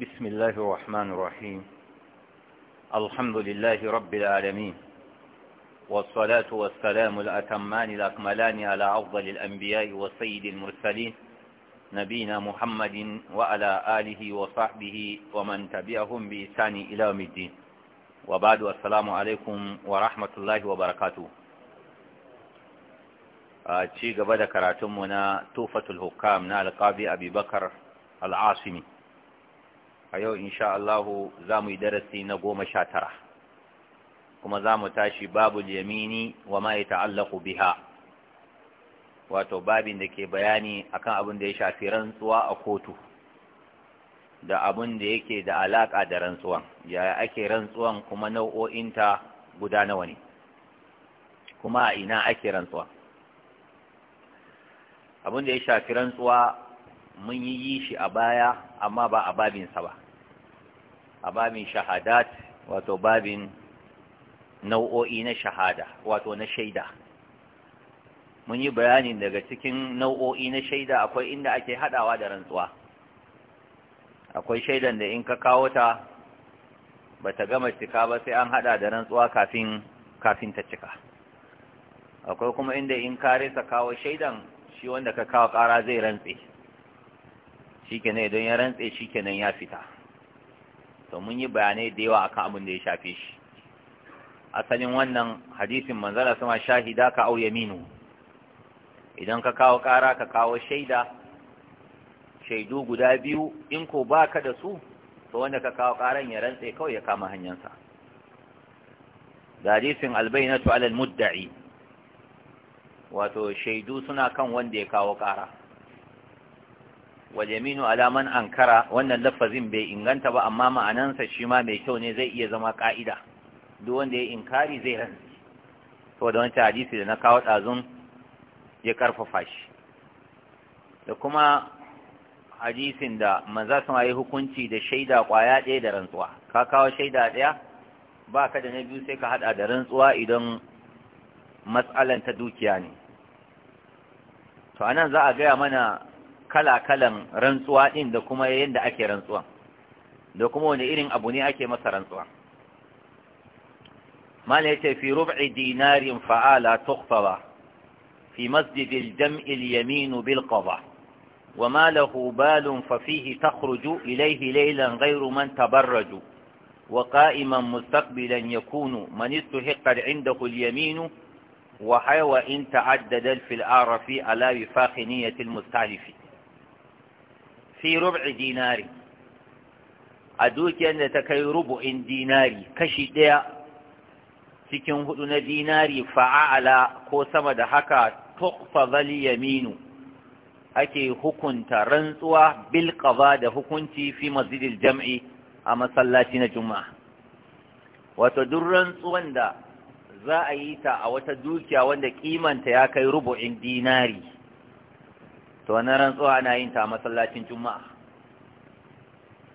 بسم الله الرحمن الرحيم الحمد لله رب العالمين والصلاة والسلام الأتمان الأكملان على أفضل الأنبياء وسيد المرسلين نبينا محمد وعلى آله وصحبه ومن تبعهم بإسان إلى يوم الدين وبعد السلام عليكم ورحمة الله وبركاته ci آه، gaba كراتمنا توفة الحكام tufatul hukam na alƙabi a yau insha Allah za mu yi darasi na goma sha tara kuma za mu tashi babu yamini wa ma ta'allaku biha wato babin da ke bayani akan abin da ya shafi rantsuwa a kotu da abin da yake da alaƙa da rantsuwan yaya ake rantsuwan kuma nau'o'inta guda nawa ne kuma a ina ake rantsuwa abin da ya shafi rantsuwa mun yi yi shi a baya amma ba a babinsa ba a babin shahadat wato babin nau'o'i na shahada wato na shaida mun yi bayani daga cikin nau'o'i na shaida akwai inda ake hadawa da rantsuwa akwai shaidan da in ka kawo ta ba ta gama cika ba sai an hada da rantsuwa kafin kafin ta cika akwai kuma inda in ka rasa kawo shaidan shi wanda ka kawo kara zai rantse kenan idan ya rantse kenan ya fita to mun yi bayanai da yawa akan abin da ya shafe shi asalin wannan hadisin manzala sama shahida ka au yaminu idan ka kawo ƙara ka kawo shaida shaidu guda biyu in ko baka da su to wanda ka kawo ƙaran ya rantse kawai ya kama hanyarsa hadisin albainatu alal mudda'i wato shaidu suna kan wanda ya kawo ƙara walyaminu alaman ankara wannan lafazin bai inganta ba amma ma'anansa shi ma mai kyau ne zai iya zama ka'ida duk wanda ya inkari zai rantsi to da wancan hadisi da na kawo ɗazun ya karfafa shi da kuma hadisin da manza sun yi hukunci da shaida kwaya ɗaya da rantsuwa ka kawo shaida ɗaya ba ka da na biyu sai ka haɗa da rantsuwa idan matsalan ta dukiya ne to anan za a gaya mana kala-kalan rantsuwa ɗin da kuma yadda ake rantsuwa da kuma wani irin abu ne ake masa rantsuwa mana ya ce fi rub'i dinarin fa'ala tukfaba fi masjidil jam'il yaminu bil wa ma lahu balun fa fihi takhruju ilayhi laylan ghayru man tabarraju wa qa'iman mustaqbilan yakunu man istahiqqa 'indahu al yaminu وحيوى إن تعدد في ala على وفاق نية المستعلف fi rub'i dinari a dukiyar da ta kai rubu'in dinari kashi ɗaya cikin hudu na dinari fa'a'ala ko sama da haka tuqfa zal yaminu ake hukunta rantsuwa bil da hukunci fi masjidil jam'i a masallaci na juma'a Wata duk rantsuwan da za a yi ta a wata dukiya wanda kimanta ya kai rubu'in dinari to wani rantsuwa ana yin ta masallacin juma'a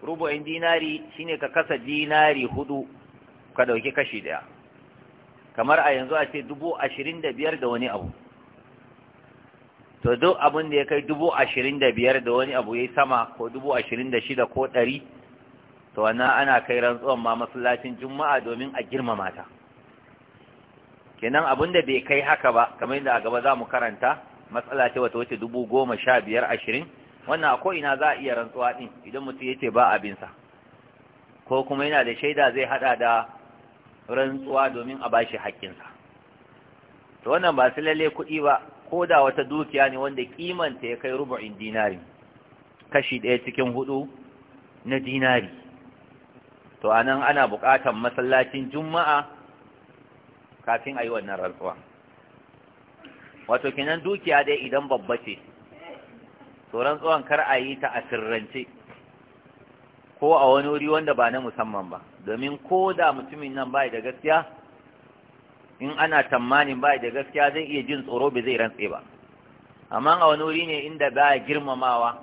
rubu'in dinari shine ka kasa dinari hudu ka dauki kashi daya kamar a yanzu a ce dubu ashirin da biyar da wani abu to duk abin da ya kai dubu ashirin da biyar da wani abu ya yi sama ko dubu ashirin da shida ko ɗari to wannan ana kai rantsuwan ma masallacin juma'a domin a girmama ta kenan abin da bai kai haka ba kamar yadda a gaba za mu karanta matsala ce wata wace dubu goma sha biyar ashirin wannan ko ko'ina za a iya rantsuwa ɗin idan mutum ya ce ba abinsa ko kuma yana da shaida zai haɗa da rantsuwa domin a bashi haƙƙinsa to wannan ba su lalle kuɗi ba ko da wata dukiya ne wanda kimanta ya kai rubu'in dinari kashi ɗaya cikin hudu na dinari to anan ana buƙatar masallacin juma'a kafin a yi wannan rantsuwa wato kenan dukiya dai idan babba ce tsoron tsohon kar a yi ta a sirrance ko a wani wuri wanda ba na musamman ba domin ko da mutumin nan bai da gaskiya in ana tamanin bai da gaskiya zai iya jin tsoro bai zai rantse ba amma a wani wuri ne inda ba girmamawa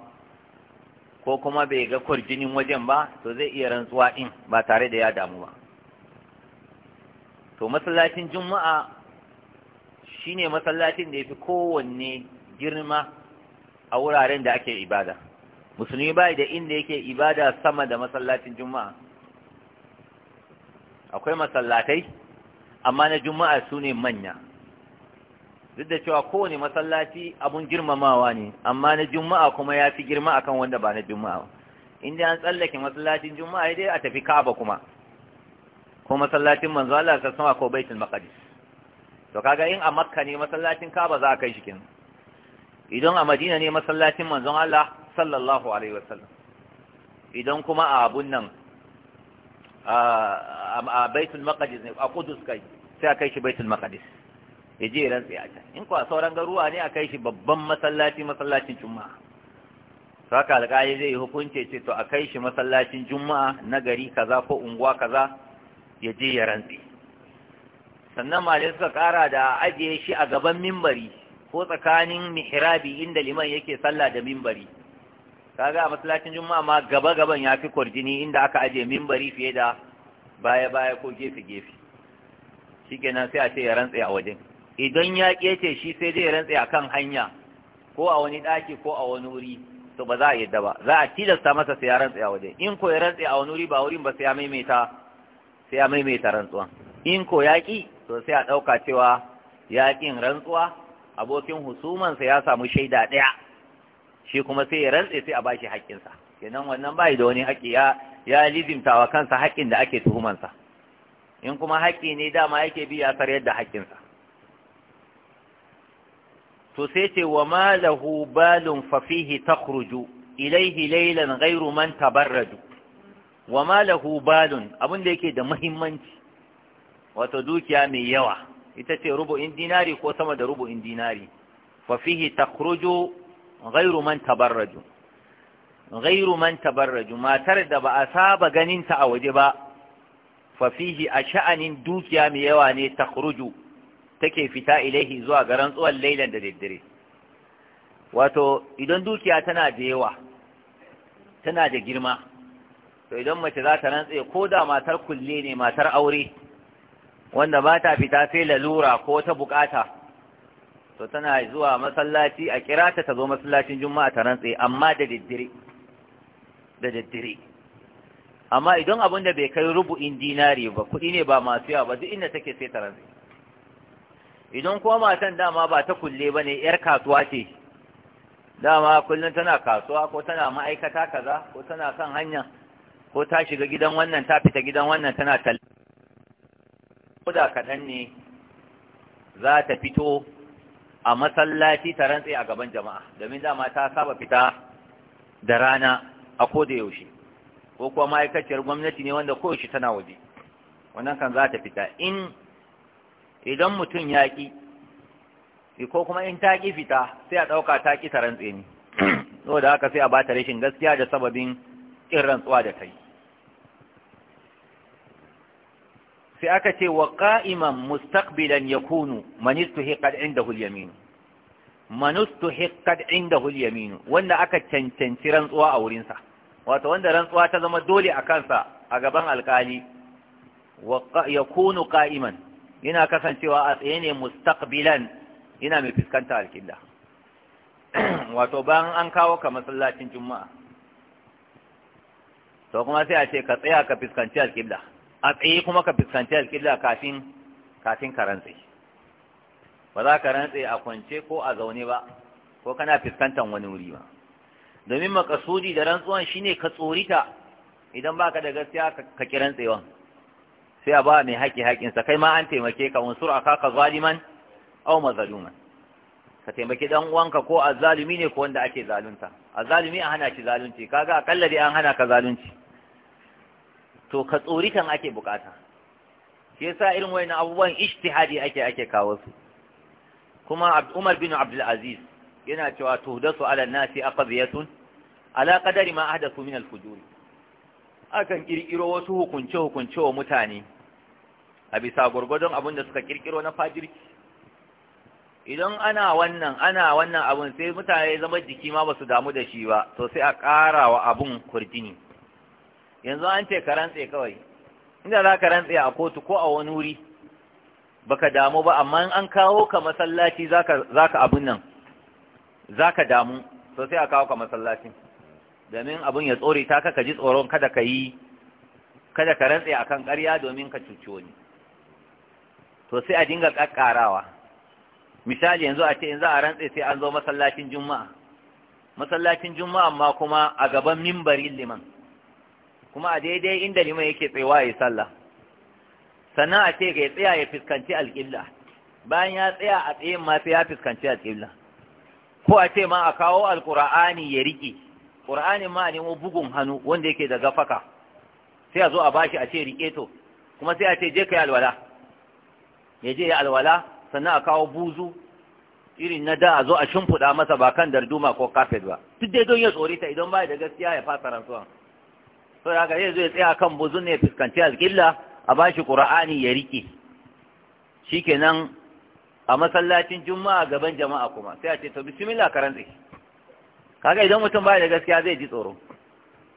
ko kuma bai ga kurjinin wajen ba to zai iya rantsuwa in ba tare da ya damu ba to masallacin juma'a Shi ne masallacin da ya fi kowanne girma a wuraren da ake ibada musulmi bai da inda yake ibada sama da masallacin juma'a akwai masallatai amma na juma'a su ne manya duk da cewa kowane masallaci abun girmamawa ne amma na juma'a kuma ya fi girma akan wanda ba na juma'a inda an tsallake masallacin juma'a dai a tafi ka'aba kuma ko masallacin manzo Allah sallallahu alaihi wasallam ko baitul maqdis to kaga in a makka ne masallacin kaba za a kai shi kin idan a madina ne masallacin manzon Allah sallallahu alaihi wasallam idan kuma a abun nan a baitul maqdis ne a kudus kai sai a kai shi baitul maqdis ya je ran tsaya ta in kuwa sauran garuwa ne a kai shi babban masallaci masallacin juma'a saka alƙali zai yi hukunce ce to a kai shi masallacin juma'a na gari kaza ko unguwa kaza ya je ya rantsi sannan malai suka kara da ajiye shi a gaban mimbari ko tsakanin mihrabi inda liman yake sallah da mimbari kaga a masallacin juma'a ma gaba gaban ya fi kurjini inda aka ajiye mimbari fiye da baya baya ko gefe gefe shikenan sai a ce ya rantsa a wajen idan ya kece shi sai zai rantsa akan hanya ko a wani daki ko a wani wuri to ba za a yadda ba za a tilasta masa sai ya rantsa a wajen in ko ya rantsa a wani wuri ba wurin ba sai ya maimaita sai ya maimaita in ko ya ki to sai a ɗauka cewa ya ƙin rantsuwa abokin husumansa ya samu shaida ɗaya shi kuma sai ya rantse sai a ba shi haƙƙinsa kenan wannan bai da wani haƙƙi ya ya wa kansa haƙƙin da ake tuhumansa in kuma haƙƙi ne dama yake bi ya sarayar da haƙƙinsa to sai ce wa ma lahu balun fa fihi takhruju ilayhi laylan ghayru man tabarraju wa ma balun abin da yake da muhimmanci wato dukiya mai yawa ita ce rubu'in dinari ko sama da rubu'in dinari fa fihi takhruju ghayru man tabarraju ghayru man tabarraju matar da ba a saba ganin ta a waje ba fa fihi a sha'anin dukiya mai yawa ne takhruju take fita ilaihi zuwa ga rantsuwar lailan da daddare wato idan dukiya tana da yawa tana da girma to idan mace za ta rantse ko da matar kulle ne matar aure wanda ba ta fita sai lalura ko ta bukata to tana zuwa masallaci a kirata ta zo masallacin juma'a ta rantse amma da diddire da diddire amma idan abin da bai kai rubu'in dinari ba kuɗi ne ba masu yawa ba duk inda take sai ta rantsi idan kuma matan dama ba ta kulle ba ne yar kasuwa ce dama kullum tana kasuwa ko tana ma'aikata kaza ko tana kan hanya ko ta shiga gidan wannan ta fita gidan wannan tana tallafi. da kaɗan ne za ta fito a masallaci ta rantse a gaban jama'a domin dama ta saba fita da rana a da yaushe ko kuwa ma'aikaciyar gwamnati ne wanda koyaushe tana waje wannan kan za ta fita in idan mutum ya ƙi ko kuma in ta ƙi fita sai a ɗauka ta ƙi ta rantse ne saboda haka sai a ba ta rashin gaskiya da sababin ƙin rantsuwa da ta yi sai aka ce wa qa'iman mustaqbilan yakunu man istuhiqat indahu al-yamin man istuhiqat indahu al-yamin wanda aka cancanci rantsuwa a wurin sa wato wanda rantsuwa ta zama dole a kansa a gaban alkali wa yakunu qa'iman yana kasancewa a tsaye ne mustaqbilan yana mai fuskanta alkilla wato bayan an kawo ka masallacin juma'a to kuma sai a ce ka tsaya ka fuskanci alkilla a tsaye kuma ka fuskanci alƙibla kafin ka rantse ba za ka rantse a kwance ko a zaune ba ko kana fuskantar wani wuri ba domin makasudi da rantsuwan shine ka tsorita idan baka da gaskiya ka kiran tsewan sai a ba mai haƙi haƙinsa kai ma an taimake ka unsur aka ka zaliman aw mazluman ka taimaki dan uwanka ko zalumi ne ko wanda ake zalunta zalumi a hana shi zalunci kaga akalla dai an hana ka zalunci to ka tsori kan ake bukata shi sa irin wani abubuwan ishtihadi ake ake kawo su kuma Umar bin Abdul Aziz yana cewa su ala nasi aqdiyatun ala qadari ma su min al akan kirkiro wasu hukunce hukunce wa mutane a bisa gwargwadon abin da suka kirkiro na fajirki idan ana wannan ana wannan abun sai mutane zama jiki ma ba su damu da shi ba to sai a ƙara wa abun kurjini yanzu an ce ka rantse kawai inda za ka rantse a kotu ko a wani wuri baka damu ba amma an kawo ka masallaci za ka abin nan za ka damu sosai a kawo ka masallacin domin abin ya tsori ta ka ji tsoron kada ka yi kada ka rantse a kan karya domin ka cuci wani to sai a dinga kakkarawa misali yanzu a ce in za a rantse sai an zo masallacin juma'a masallacin juma'a amma kuma a gaban mimbarin liman kuma a daidai inda lima yake tsewa ya sallah sannan a ce ya tsaya ya fuskanci alƙibla bayan ya tsaya a tsayin ma sai ya fuskanci alƙibla ko a ce ma a kawo alƙur'ani ya riƙe ƙur'anin ma a nemo bugun hannu wanda yake da gafaka sai a zo a bashi a ce riƙe to kuma sai a ce je ka yi alwala ya je ya alwala sannan a kawo buzu irin na da a zo a shimfiɗa masa ba kan darduma ko kafet ba duk dai don ya tsorita idan ba da gaskiya ya fasa rantsuwan so ya haka zai ya tsaya kan buzun ne fuskanci alƙilla a ba shi ƙura'ani ya riƙe nan, a masallacin juma'a gaban jama'a kuma sai a ce to bismillah ka rantse kaga idan mutum baya da gaskiya zai ji tsoro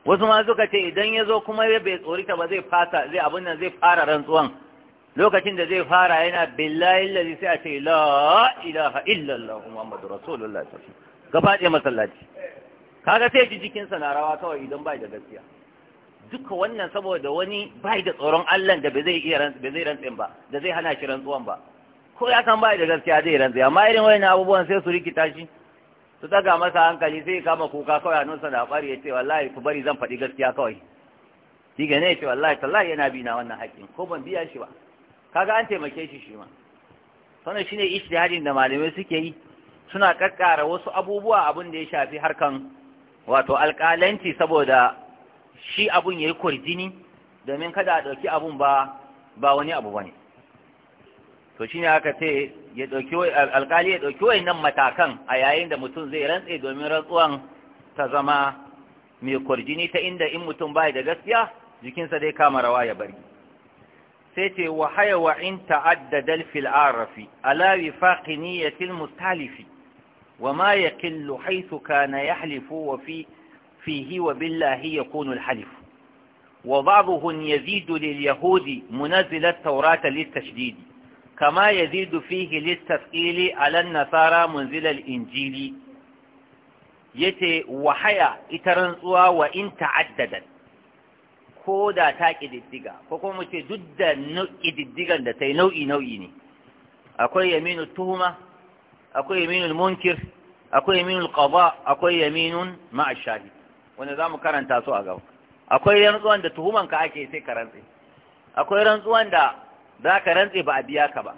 wasu ma suka ce idan ya zo kuma bai tsori ta ba zai fasa zai abin nan zai fara rantsuwan lokacin da zai fara yana billahi lalzi sai a ce la ilaha illallah muhammadu rasulullah sallallahu alaihi wasallam gaba ɗaya masallaci kaga sai ji jikinsa na rawa kawai idan ba da gaskiya duka wannan saboda wani bai da tsoron Allah da bai zai iya bai zai rantsin ba da zai hana shi rantsuwan ba ko ya san bai da gaskiya zai rantsi amma irin wani abubuwan sai su rikita shi su daga masa hankali sai kama kuka kawai a nusa da bari ya ce wallahi ku bari zan faɗi gaskiya kawai shi ga ne ya ce wallahi tallahi yana bi na wannan haƙƙin ko ban biya shi ba kaga an taimake shi shi ma sannan shine ijtihadin da malamai suke yi suna kakkara wasu abubuwa abin da ya shafi harkan wato alƙalanci saboda shi abun ya yi kwarjini domin kada a ɗauki abun ba ba wani abu ba ne to shi ne aka ce alkali ya ɗauki nan matakan a yayin da mutum zai rantse domin rantsuwan ta zama mai kwarjini ta inda in mutum bai da gaskiya jikinsa dai kama rawa ya bari sai ce wa haya wa in ta'addadal fil arafi ala wifaqi mustalifi wa ma yaqillu haythu kana yahlifu wa fi فيه وبالله يكون الحلف وبعضهن يزيد لليهود منزل التوراة للتشديد كما يزيد فيه للتثقيل على النصارى منزل الإنجيل yace wahaya ita rantsuwa wa in ta'addadat ko da ta kididdiga ko kuma ce duk da kididdigan da ta nau'i nau'i ne akwai yaminu tuhuma akwai yaminul munkir akwai yaminul akwai yaminun ma'a wanda za mu karanta su a gaba akwai rantsuwan da tuhuman ka ake sai ka rantse akwai rantsuwan da za ka rantse ba a biya ka ba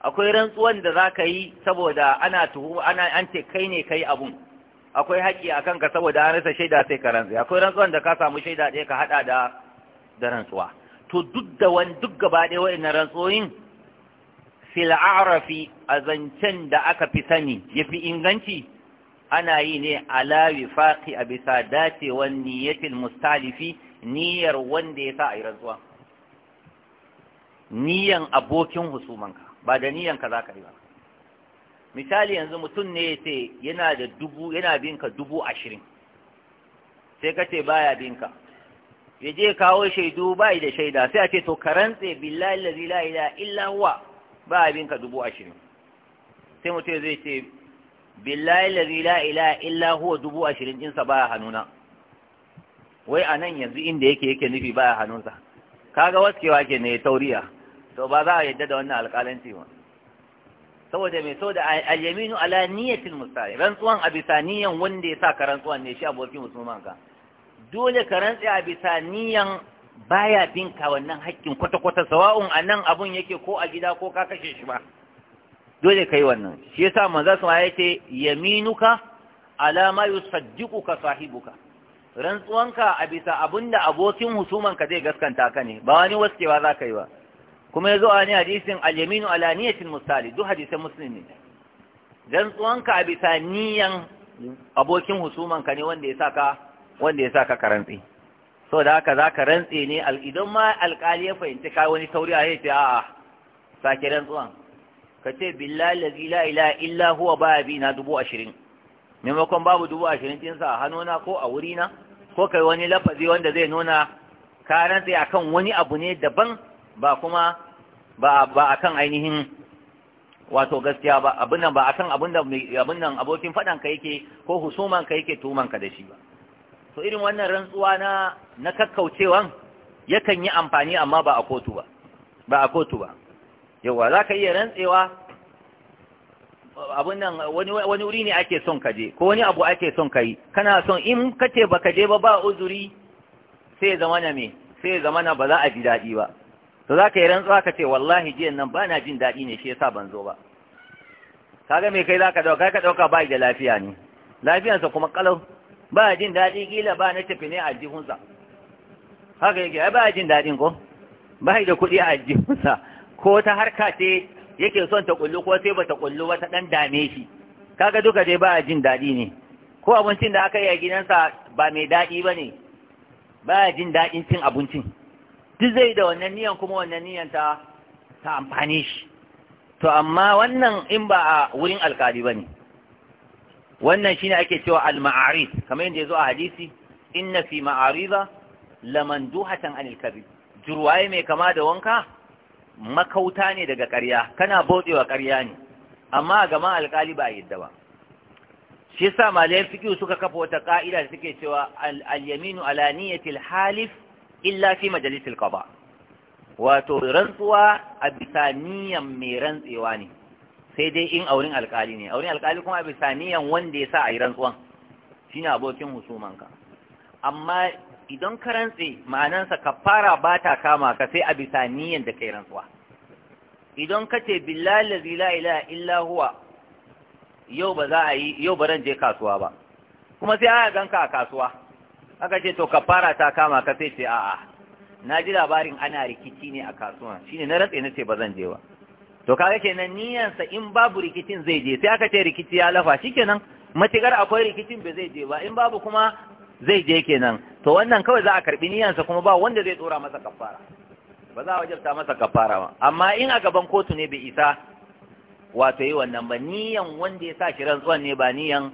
akwai rantsuwan da za ka yi saboda ana tuhuma ana an ce kai ne kai abun akwai haƙƙi a kanka saboda an rasa shaida sai ka rantse akwai rantsuwan da ka samu shaida ɗaya ka haɗa da da rantsuwa to duk da wani duk gaba ɗaya na rantsoyin fil a'rafi a zancen da aka fi sani ya fi inganci ana yi ne ala faƙi a bisa dacewan niyyatin mustalifi niyyar wanda ya sa a yi rantsuwa niyyan abokin husumanka ba da niyyan ka za ka yi ba misali yanzu mutum ne ya ce yana da dubu yana binka dubu ashirin sai ka ce baya binka ya je kawo shaidu yi da shaida sai a ce to karantse billahi la ilaha illa huwa ba binka dubu ashirin sai mutum zai ce billahi lazi la ilaha illa huwa dubu ashirin ɗinsa baya hannuna wai a nan yanzu inda yake yake nufi baya hannunsa kaga waskewa ke ne tauriya to ba za a yadda da wannan alƙalanci ba saboda mai saboda alyaminu ala niyyatil mustari rantsuwan a bisa niyan wanda ya sa ka rantsuwan ne shi abokin musulman ka dole ka rantsi a bisa baya bin ka wannan haƙƙin kwata-kwata sawa'un a nan abun yake ko a gida ko ka kashe shi ba dole kai wannan shi yasa manzo sun ce yaminuka ala ma yusaddiquka sahibuka rantsuwanka a bisa abinda abokin husumanka zai gaskanta ka ne ba wani waskewa za ka yi ba kuma yazo a ne hadisin al-yaminu ala niyatin musali duk hadisin muslim ne rantsuwanka a bisa niyan abokin husumanka ne wanda ya saka wanda ya saka karantsi so da haka zaka rantse ne idan ma alƙali ya fahimci kai wani sauri a yace a'a sake rantsuwan ka ce billahi la ilaha illa huwa baya bi na dubu ashirin maimakon babu dubu ashirin cinsa a hannuna ko a wurina ko kai wani lafazi wanda zai nuna karanta rantse akan wani abu ne daban ba kuma ba a akan ainihin wato gaskiya ba abin nan ba akan kan abin nan abokin fadan ka yake ko husuman ka yake tuman ka da shi ba to irin wannan rantsuwa na na kakkaucewan yakan yi amfani amma ba a kotu ba ba a kotu ba yawa za ka iya rantsewa abin nan wani wuri ne ake son ka je ko wani abu ake son ka kana son in ka ce ba ka je ba ba uzuri sai zama na me sai zama na ba za a ji daɗi ba to za ka yi rantsuwa ka ce wallahi jiyan nan ba na jin daɗi ne shi yasa ban zo ba kaga me kai za ka ɗauka ka ɗauka ba da lafiya ne lafiyansa kuma kalau ba jin daɗi kila ba na tafi ne a jihunsa haka yake ai ba jin daɗin ko ba da kuɗi a jihunsa ko ta harka ce yake son ta kullu ko sai ba ta kullu ba ta dan dame shi kaga duka dai ba jin daɗi ne ko abincin da aka yi a gidansa ba mai daɗi ba ne ba jin daɗin cin abincin duk zai da wannan niyan kuma wannan niyan ta ta amfani shi to amma wannan in ba a wurin alkali ba ne wannan shine ake cewa al-ma'arif kamar yadda ya zo a hadisi inna fi ma'ariza lamanduhatan anil kabir jurwaye mai kama da wanka makauta ne daga ƙarya kana wa ƙarya ne amma a gaban alƙali ba a yadda ba shi yasa malayan fiqh suka kafa wata ƙa'ida da suke cewa al-yaminu ala niyyatil halif illa fi majalisil wato rantsuwa a bisa niyan mai rantsewa ne sai dai in aurin alƙali ne aurin alƙali kuma a bisa wanda ya sa a yi rantsuwan shine abokin husumanka amma idan ka rantse ma'anansa kafara ba ta kama ka sai a bisa niyyar da kai rantsuwa idan ka ce billahi lazi la ilaha illa huwa yau ba za a yi yau ba ran je kasuwa ba kuma sai aka ganka a kasuwa aka ce to kafara ta kama ka sai ce a'a na ji labarin ana rikici ne a kasuwa shine na rantse na ce ba zan je ba to kaga kenan niyyarsa in babu rikicin zai je sai aka ce rikici ya lafa shikenan matigar akwai rikicin ba zai je ba in babu kuma zai je kenan to wannan kawai za a karbi niyansa kuma ba wanda zai tsora masa kafara ba za a wajabta masa kafara ba amma in a gaban kotu ne bai isa wato yi wannan ba niyan wanda ya sa shi rantsuwan ne ba niyan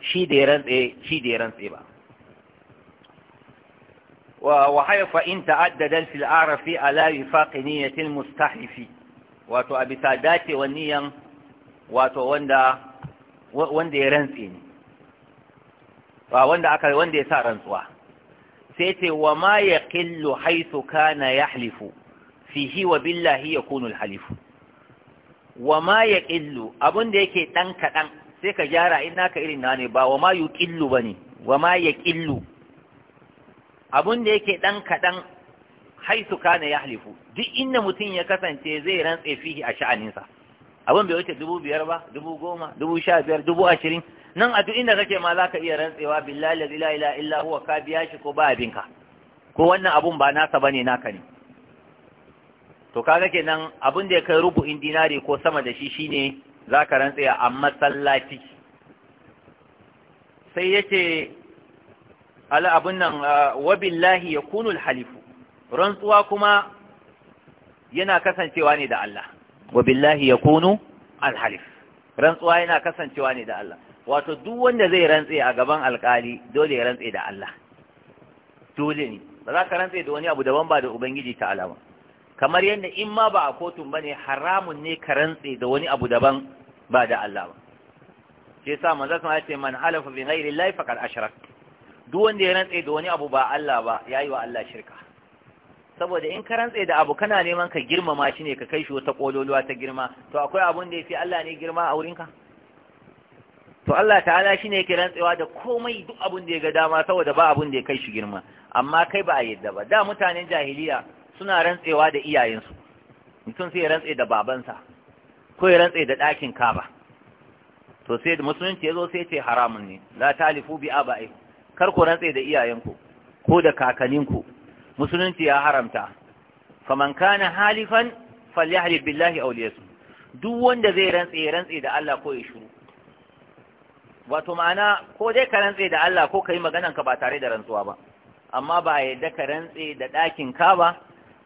shi da ya rantse shi da ya rantse ba wa haifa in ta'addada fil arafi ala yufaqi niyatil mustahifi wato a bisa wa niyan wato wanda wanda ya rantse ne ba wanda aka wanda ya sa rantsuwa sai ce wa ma yaqillu haythu kana yahlifu fihi wa billahi yakunu alhalifu wa ma yaqillu Abunda da yake dan kadan sai ka gyara in naka irin na ne ba wa ma yuqillu bane wa ma yaqillu abun da yake dan kadan haythu kana yahlifu duk inda mutum ya kasance zai rantse fihi a sha'aninsa abun bai wuce dubu biyar ba dubu goma dubu sha biyar dubu ashirin nan a duk inda kake ma zaka iya rantsewa billahi la ilaha illa huwa ka biya shi ko ba abinka ko wannan abun ba nasa bane naka ne to kaga kenan abin da ya kai rubu'in dinari ko sama da shi shine zaka rantse a masallaci sai yace ala abun nan wa billahi yakunu alhalifu rantsuwa kuma yana kasancewa ne da Allah wa billahi yakunu alhalif rantsuwa yana kasancewa ne da Allah wato duk wanda zai rantse a gaban alkali dole ya rantse da Allah dole ne ba za ka rantse da wani abu daban ba da ubangiji ta alama kamar yadda in ma ba a kotun bane haramun ne ka rantse da wani abu daban ba da Allah ba Ke sa manzo sun ce man halafa bi ghairi llahi faqad ashrak duk wanda ya rantse da wani abu ba Allah ba yayi wa Allah shirka saboda in ka rantse da abu kana neman ka girmama shi ne ka kai shi wata kololuwa ta girma to akwai abun da yafi Allah ne girma a wurinka ka to Allah ta'ala shine yake rantsewa da komai duk abin da ya ga dama saboda ba abin da ya kai shi girma amma kai ba a yadda ba da mutanen jahiliya suna rantsewa da iyayensu mutum sai ya rantse da babansa ko ya rantse da ɗakin kaba to sai da musulunci ya zo sai ce haramun ne la talifu bi aba'i kar ku rantse da iyayenku ko da kakaninku. musulunci ya haramta faman kana halifan falyahlib billahi aw liyasum duk wanda zai rantse ya rantse da Allah ko ya shiru wato ma'ana ko dai ka rantse da Allah ko ka yi maganan ka ba tare da rantsuwa ba amma ba a yadda ka rantse da ɗakin ka ba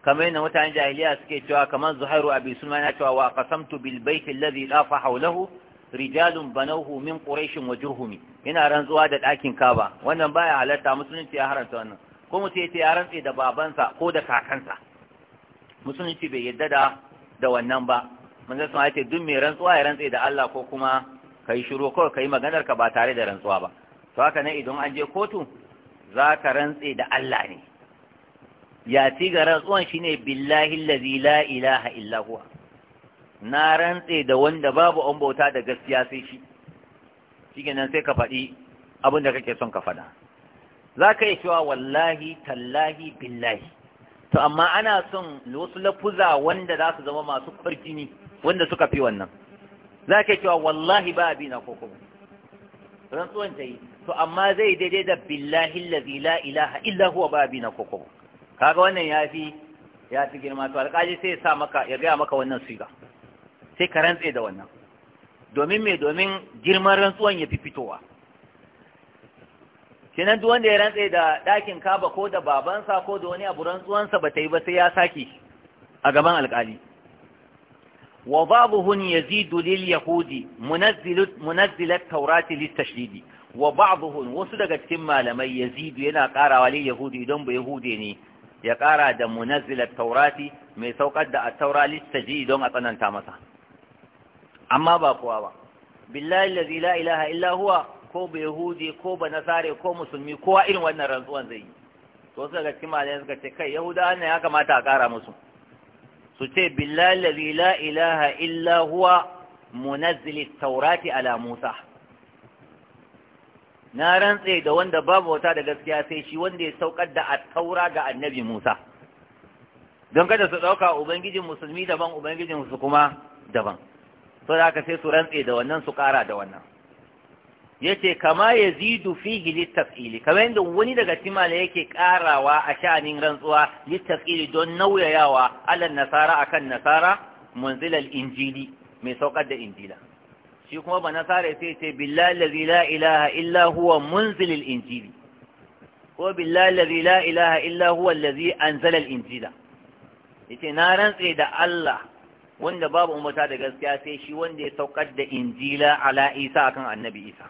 kamar yadda mutanen jahiliya suke cewa kamar zuhairu abi sulma yana cewa wa qasamtu bil baiti alladhi la rijalun Banahu min quraishin wa jurhumi yana rantsuwa da ɗakin ba. wannan baya halatta musulunci ya haramta wannan ko mu ce ya rantse da babansa ko da kakansa musulunci bai yadda da wannan ba manzon sun ce duk mai rantsuwa ya rantse da Allah ko kuma Ka yi shiru kawai yi maganar ka ba tare da rantsuwa ba to haka nan idan an je kotu za ka rantse da Allah ne ya ci ga rantsuwan shine billahi allazi la ilaha illa huwa na rantse da wanda babu an bauta da gaskiya sai shi nan sai ka faɗi abin da kake son ka faɗa za ka yi cewa wallahi tallahi billahi to amma ana son wasu lafuza wanda za su zama masu kwarjini wanda suka fi wannan za ka cewa wallahi ba abina ko kuma rantsuwan ta yi to amma zai daidai da billahi allazi la ilaha illa huwa ba abina ko kuma kaga wannan ya fi ya fi girma to alƙali sai ya sa maka ya gaya maka wannan siga sai ka rantse da wannan domin me domin girman rantsuwan ya fi fitowa kenan duk wanda ya rantse da ɗakin kaba ko da babansa ko da wani abu rantsuwansa ba ta yi ba sai ya sake a gaban alƙali وبعضهم يزيد لليهود منزل منزل التوراة للتشديد وبعضهم وسدغ كما لما يزيد ينا قارا لليهود دون بيهودي ني يا قارا ده منزل التوراة مي سوقد ده التوراة للتشديد دون اتننتا مسا اما باقوا با بالله الذي لا اله الا هو كو بيهودي كو بنصاري كو مسلمي كو ايرن wannan rantsuwan zai to sai ga cikin malayan suka ce kai yahudawa ne ya kamata a kara musu su ce billahi la ilaha illa huwa munazzili taurati ala musa na rantse da wanda babu wata da gaskiya sai shi wanda ya saukar da attaura ga annabi musa don kada su ɗauka ubangijin musulmi daban ubangijin su kuma daban sau da aka sai su rantse da wannan su ƙara da wannan Ya ce, kama yazidu fihi ili. Kama yadda wani daga timala yake karawa a sha'anin rantsuwa ili don nauyayawa alal nasara a kan nasara munzilal injili mai saukar da injila shi kuma ba nasara sai ce billahi allazi la ilaha illa huwa munzilil injili ko billahi allazi la ilaha illa huwa an anzala injila Ya ce na rantse da Allah wanda babu ummata da gaskiya sai shi wanda ya saukar da injila ala Isa akan annabi Isa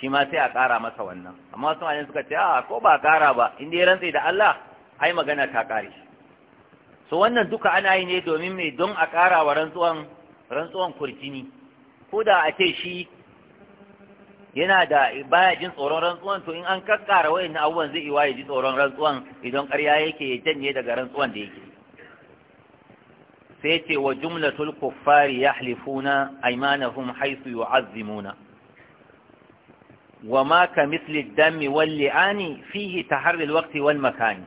shi ma sai a ƙara masa wannan amma wasu mutane suka ce a ko ba ƙara ba in ya rantse da Allah ai magana ta ƙare so wannan duka ana yi ne domin mai don a ƙara wa rantsuwan kurkini, kurjini ko da a ce shi yana da baya jin tsoron rantsuwan to in an kakkara na abubuwan zai iwa ya ji tsoron rantsuwan idan ƙarya yake ya janye daga rantsuwan da yake sai ce wa jumlatul kuffari yahlifuna aymanahum haythu yu'azzimuna wa ma ka misli dami wal li'ani fihi taharri alwaqti wal makani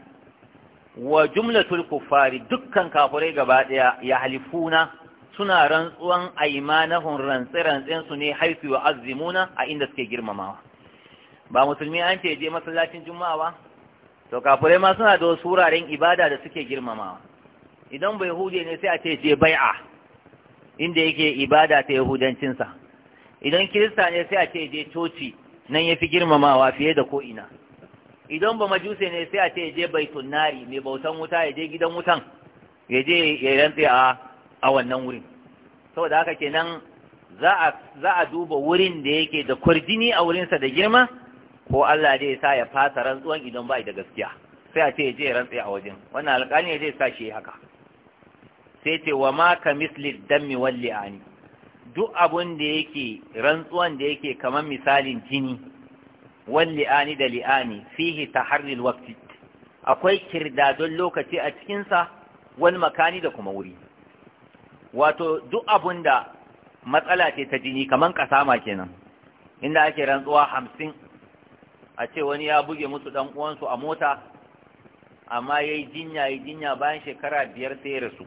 wa jumlatul kuffari dukkan kafurai gaba daya ya halifuna suna rantsuwan aimanahun rantsi-rantsin su ne haifi wa azimuna a inda suke girmamawa ba musulmi an ce je masallacin juma'a ba to kafurai ma suna da wasu wuraren ibada da suke girmamawa idan bai hude ne sai a ce je bai'a inda yake ibada ta yahudancinsa idan kirista ne sai a ce je coci nan ya fi girmamawa fiye da ko ina, idan ba majuse ne sai a ce je baitun nari mai bautan wuta ya je gidan wutan ya je ya rantse a wannan wurin saboda haka kenan za a duba wurin da yake da kwarjini a wurinsa da girma ko Allah zai sa ya fasa rantsuwan idan ba da gaskiya sai a ce ya je ya rantse a wajen wannan alƙali ya zai sa shi haka sai ce wa ma ka misli dammi walli ani duk abun da yake rantsuwan da yake kamar misalin jini wani li'ani da li'ani fihi taharril waqti akwai kirdadon lokaci a cikinsa wani makani da kuma wuri wato duk abun da matsala ce ta jini kamar kasama kenan inda ake rantsuwa hamsin a ce wani ya buge musu dan uwansu a mota amma yayi jinya yai jinya bayan shekara biyar sai ya rasu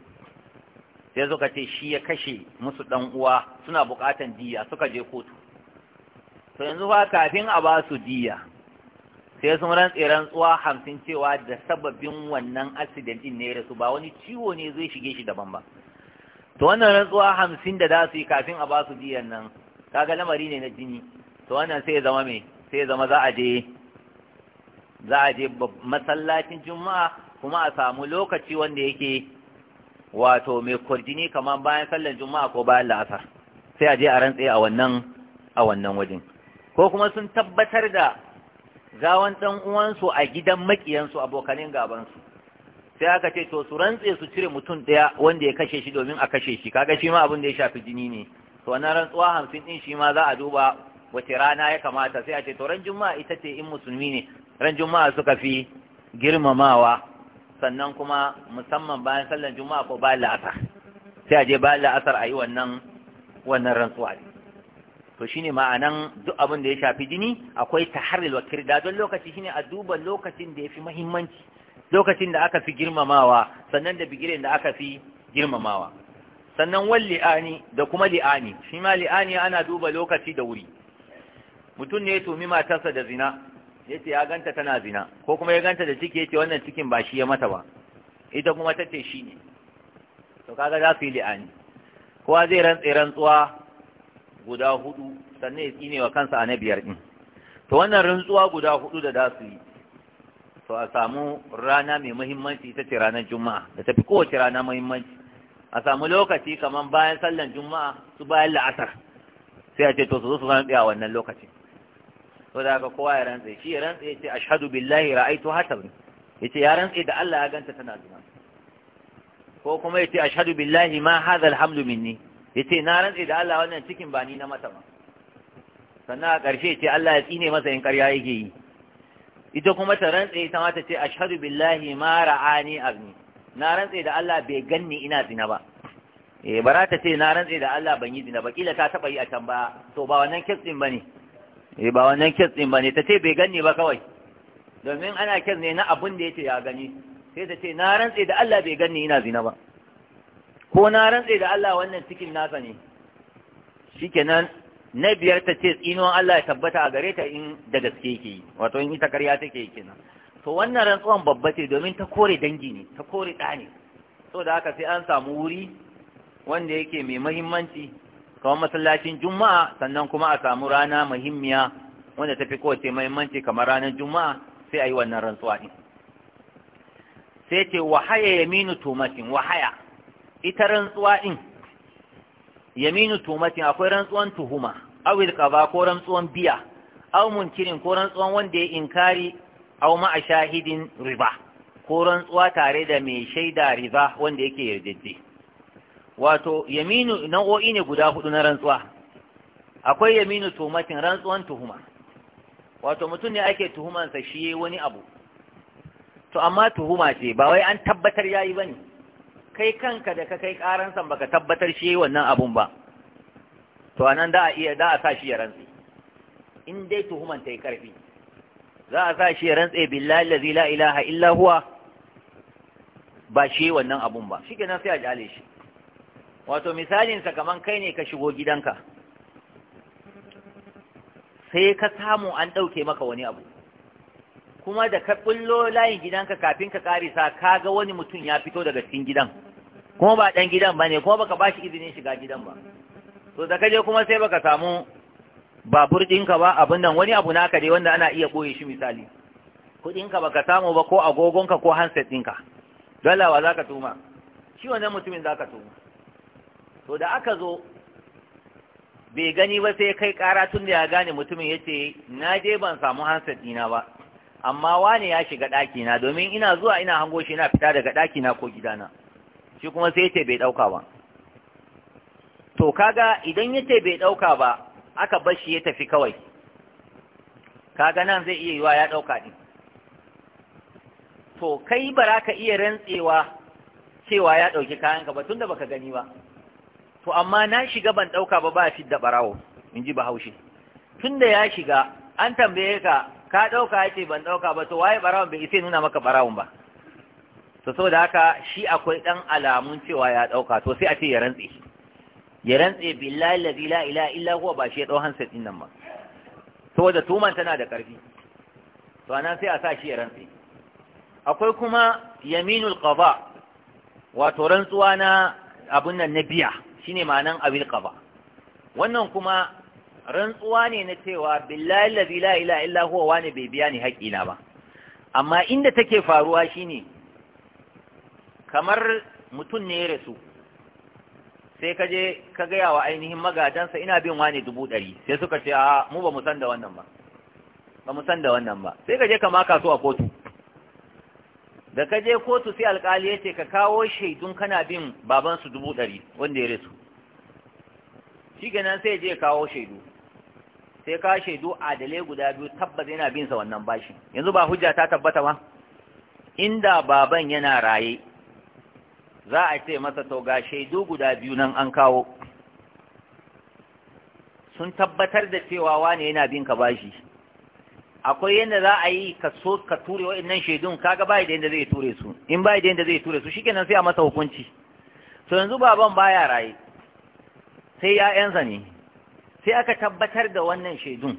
sai suka ce shi ya kashe musu dan uwa suna bukatan diya suka je kotu to yanzu fa kafin a ba su diya sai sun rantse rantsuwa hamsin cewa da sababin wannan accident din ne rasu ba wani ciwo ne zai shige shi daban ba to wannan rantsuwa hamsin da za su yi kafin a ba su diyan nan kaga lamari ne na jini to wannan sai ya zama me sai ya zama za a je za a je masallacin juma'a kuma a samu lokaci wanda yake wato mai kwarjini kamar bayan sallar juma'a ko bayan la'asar sai a je a rantse a wannan a wannan wajen ko kuma sun tabbatar da gawan ɗan uwansu a gidan maƙiyansu abokanin gabansu sai aka ce to su rantse su cire mutum ɗaya wanda ya kashe shi domin a kashe shi kaga shi ma abin da ya shafi jini ne to wannan rantsuwa hamsin ɗin shi ma za a duba wace rana ya kamata sai a ce to ran juma'a ita ce in musulmi ne ran juma'a suka fi girmamawa sannan kuma musamman bayan sallan juma'a ko bayan la'asar sai a je bayan la'asar a yi wannan wannan rantsuwa to shine ma'anan duk abin da ya shafi jini akwai taharril wakir kirda don lokaci shine a duba lokacin da ya muhimmanci lokacin da aka fi girmamawa sannan da bigiren da aka fi girmamawa sannan wal li'ani da kuma li'ani shi ma li'ani ana duba lokaci da wuri mutum ne ya tumi matarsa da zina yace ya ganta tana zina ko kuma ya ganta da ciki yace wannan cikin ba shi ya mata ba ita kuma tace shi ne to kaga za su yi li'ani kowa zai rantse rantsuwa guda hudu sannan ya tsine wa kansa a na biyar din to wannan rantsuwa guda hudu da za su yi to a samu rana mai muhimmanci ita ce ranar juma'a da tafi kowace rana muhimmanci a samu lokaci kamar bayan sallan juma'a su bayan la'asar sai a ce to su zo su zama a wannan lokacin so da haka kowa ya rantse shi ya rantse ya ce ashadu billahi ra'aitu hatabni ne, ya ce ya rantse da Allah ya ganta tana zina ko kuma ya ce ashadu billahi ma hadha alhamdu minni ce na rantse da Allah wannan cikin ba ni na mata ba sannan a ƙarshe ya ce Allah ya tsine masa in ƙarya yake yi ita kuma ta rantse ta ma ce ashadu billahi ma ra'ani abni na rantse da Allah bai ganni ina zina ba eh bara ta ce na rantse da Allah ban yi zina ba kila ta taba yi a can ba to ba wannan kes din ne. E ba wannan kes din bane ta ce bai gani ba kawai domin ana kes ne na abun da yake ya gani sai ta ce na rantse da Allah bai gani ina zina ba ko na rantse da Allah wannan cikin nasa ne shikenan na biyar ta ce tsinon Allah ya tabbata a gare ta in da gaske yake wato in ita karya take yi kenan to wannan rantsuwan babba ce domin ta kore dangi ne ta kore ɗa ne so da haka sai an samu wuri wanda yake mai muhimmanci. kamar masallacin juma'a sannan kuma a samu rana mahimmiya wanda ta fi kowace mahimmanci kamar ranar juma'a sai a yi wannan rantsuwa ɗin sai ce wahaya yaminu tumatin wahaya ita rantsuwa ɗin yaminu tumatin akwai rantsuwan tuhuma awil qaba ko rantsuwan biya aw munkirin ko rantsuwan wanda ya inkari aw ma shahidin riba ko rantsuwa tare da mai shaida riba wanda yake yarjeje wato yaminu nau'o'i ne guda hudu na rantsuwa akwai yaminu tumatin rantsuwan tuhuma wato mutum ne ake tuhumansa shi wani abu to amma tuhuma ce ba wai an tabbatar yayi bane kai kanka da ka kai san baka tabbatar shi wannan abun ba to anan da a iya da a sa shi ya rantsi in dai tuhuman ta yi karfi za a sa shi ya rantsi billahi allazi la ilaha illa huwa ba shi wannan abun ba shikenan sai a jale shi wato misalinsa kaman kai ne ka shigo gidanka sai ka samu an ɗauke maka wani abu kuma da ka ɓullo layin gidanka kafin ka ƙarisa ka ga wani mutum ya fito daga cikin gidan kuma ba ɗan gidan ba ne kuma baka ba shi izinin shiga gidan ba to da ka je kuma sai baka samu babur ɗinka ba abin nan wani abu naka dai wanda ana iya ɓoye shi misali kuɗinka baka samu ba ko agogonka ko handset ɗinka dole wa za ka tuma shi wannan mutumin za ka tuma to da aka zo bai gani ba sai kai kara tun da ya gane mutumin ya ce na je ban samu hansar ɗina ba amma wane ya shiga ɗakina domin ina zuwa ina hango shi na fita daga ɗakina ko gidana shi kuma sai ya ce bai ɗauka ba to kaga idan ya ce bai ɗauka ba aka bar shi ya tafi kawai kaga nan zai iya yiwa ya ɗauka din, to kai ba ka iya rantsewa cewa ya ɗauki kayan ka ba tunda baka gani ba to amma na shiga ban ɗauka ba ba fidda ɓarawo in ji bahaushe tun da ya shiga an tambaye ka ka ɗauka ya ce ban ɗauka ba to waye ɓarawon bai isa nuna maka ɓarawon ba to saboda haka shi akwai ɗan alamun cewa ya ɗauka to sai a ce ya rantse ya rantse billahi la ila ila illa huwa ba shi ya ɗau hansa din nan ba saboda tuman tana da ƙarfi to anan sai a sa shi ya rantse akwai kuma yaminul qada wato rantsuwa na abun nan na biya shine ma'anan abin qaba wannan kuma rantsuwa ne na cewa billahi allazi la ilaha illa huwa wani bai biya ni na ba amma inda take faruwa shine kamar mutum ne ya rasu sai ka je ka gaya wa ainihin magajansa ina bin wani dubu ɗari sai suka ce a mu ba mu san da wannan ba ba mu san da wannan ba sai ka je ka maka su a kotu da ka je kotu sai Alƙali ya ce ka kawo shaidun kana bin babansu dubu ɗari wanda ya rasu shi sai je kawo shaidu sai ka shaidu adalai guda biyu tabbas yana bin sa wannan bashi yanzu ba hujja ta tabbata ba inda baban yana raye za a ce masa to ga shaidu guda biyu nan an kawo sun tabbatar da cewa wane yana bin ka bashi akwai yadda za a yi ka so ka ture wa'annan shaidun kaga bai da yadda zai ture su in bai da yadda zai ture su shikenan sai a masa hukunci to yanzu baban baya raye sai ya'yansa ne sai aka tabbatar da wannan shaidun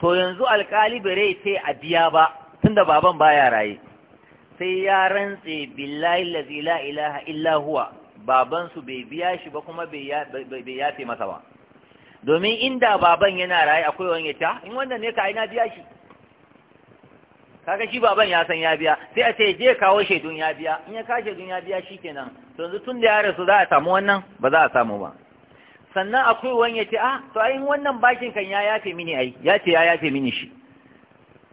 to yanzu alkali bare sai a biya ba tunda baban baya raye sai ya rantse billahi lazi la ilaha illa huwa bai biya shi ba kuma bai yafe masa ba domin inda baban yana raye akwai wani ta in wannan ne ka aina biya shi kaga shi baban ya san ya biya sai a ce je kawo shaidun ya biya in ya kawo shaidun ya biya kenan to yanzu tun da ya rasu za a samu wannan ba za a samu ba sannan akwai wani ya ce ah to ai wannan bakin kan ya yafe mini ai ya ce ya yafe mini shi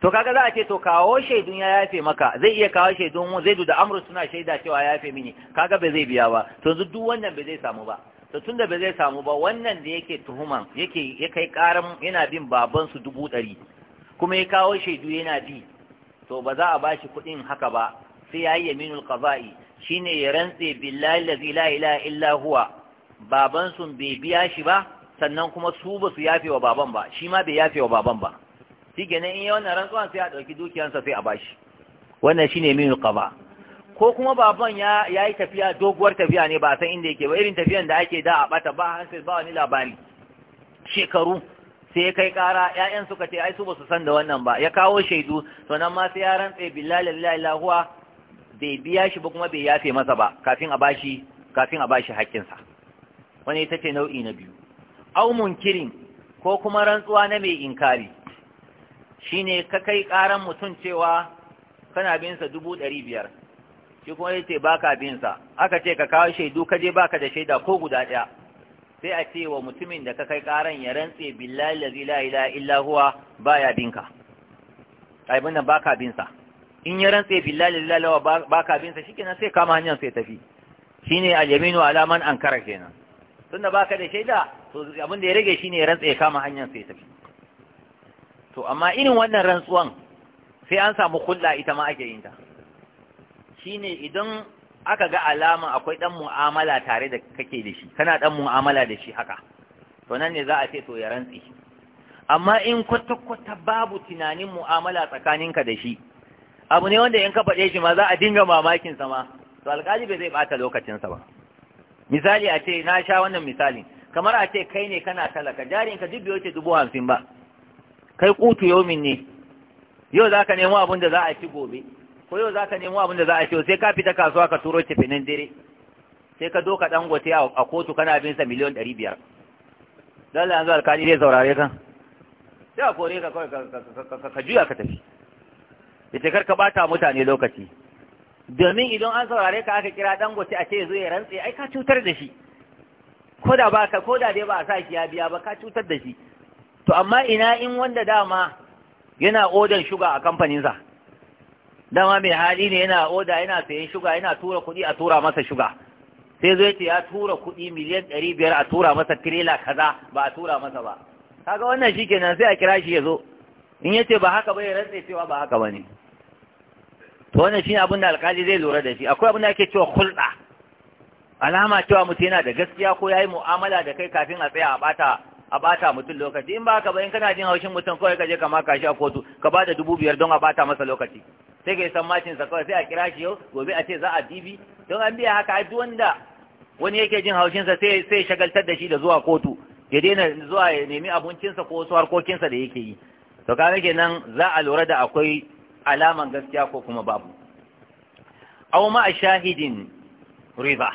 to kaga za a ce to kawo shaidun ya yafe maka zai iya kawo shaidun zai da amru suna shaida cewa ya yafe mini kaga ba zai biya ba to yanzu duk wannan ba zai samu ba to tunda ba zai samu ba wannan da yake tuhuman yake ya kai karan yana bin baban su dubu ɗari kuma ya kawo shaidu yana bi to ba za a bashi kuɗin haka ba sai ya yayi yaminul qaza'i shine ya rantse billahi allazi la ilaha illa huwa baban sun bai biya shi ba sannan kuma su ba su yafe wa baban ba shi ma bai yafe wa baban ba shi in yi wannan rantsuwan sai a ɗauki dukiyansa sai a bashi wannan shine minul qaza'i ko kuma baban ya yi tafiya doguwar tafiya ne ba san inda yake ba irin tafiyan da ake da a bata ba hansel ba wani labari shekaru sai ya kai kara ƴaƴan suka ce ai su ba su san da wannan ba ya kawo shaidu nan ma sai ya rantse billahi la ilaha bai biya shi ba kuma bai yafe masa ba kafin a bashi kafin a bashi haƙƙinsa wani ita ce nau'i na biyu au munkirin ko kuma rantsuwa na mai inkari shine ka kai karan mutum cewa kana bin sa dubu ɗari biyar shi kuma yace baka bin sa aka ce ka kawo shaidu ka je baka da shaida ko guda daya sai a ce wa mutumin da ka kai ƙaran ya rantse billahi allazi la ilaha illa huwa baya bin ka ai bin baka bin sa in ya rantse billahi allazi la ilaha baka bin sa shikenan sai kama hanyar sai tafi shine ne yaminu ala man ankara kenan Tun da baka da shaida to abin da ya rage shine ya rantse kama hanyar sai tafi to amma irin wannan rantsuwan sai an samu kulla ita ma ake yin ta shine idan aka ga alama akwai ɗan mu'amala tare da kake da shi kana dan mu'amala da shi haka to nan ne za a ce to ya rantsi amma in kwata-kwata babu tunanin mu'amala tsakaninka da shi abu ne wanda in ka faɗe shi ma za a dinga mamakin sa ma to alƙali bai zai ɓata lokacinsa ba misali a ce na sha wannan misalin kamar a ce kai ne kana talaka jarinka duk bai wuce dubu hamsin ba kai kutu yomin ne yau za ka nemo abin da za a ci gobe ko yau za ka nemo abin da za a ce sai ka fita kasuwa ka turo cifinin dare sai ka doka dangote a kotu kana bin sa miliyon ɗari biyar dole yanzu alkali zai saurare kan sai a kore ka kawai ka juya ka tafi ita kar ka bata mutane lokaci domin idan an saurare ka aka kira dangote a ce zo ya rantse ai ka cutar da shi ko da ba ka ko da dai ba a sa shi ya biya ba ka cutar da shi to amma ina in wanda dama yana odan shuga a kamfaninsa dama mai hali ne yana oda yana sayan shuga yana tura kuɗi a tura masa shuga sai zo yace ya tura kuɗi miliyan ɗari biyar a tura masa tirela kaza ba a tura masa ba kaga wannan shikenan sai a kira shi ya zo in yace ba haka ba ya rantse cewa ba haka ba ne to wannan shine abin da alkali zai lura da shi akwai abin da ake cewa hulɗa alama cewa mutum yana da gaskiya ko yayi mu'amala da kai kafin a tsaya a bata a bata mutum lokaci in ba haka ba in kana jin haushin mutum kawai ka je ka maka shi a kotu ka ba da dubu biyar don a bata masa lokaci sai yi san macin sa kawai sai a kira shi yau gobe a ce za a dibi don an biya haka duk wanda wani yake jin haushin sa sai sai shagaltar da shi da zuwa kotu ya daina zuwa ya nemi abincin sa ko wasu harkokin sa da yake yi to ga kenan za a lura da akwai alaman gaskiya ko kuma babu aw ma shahidin riba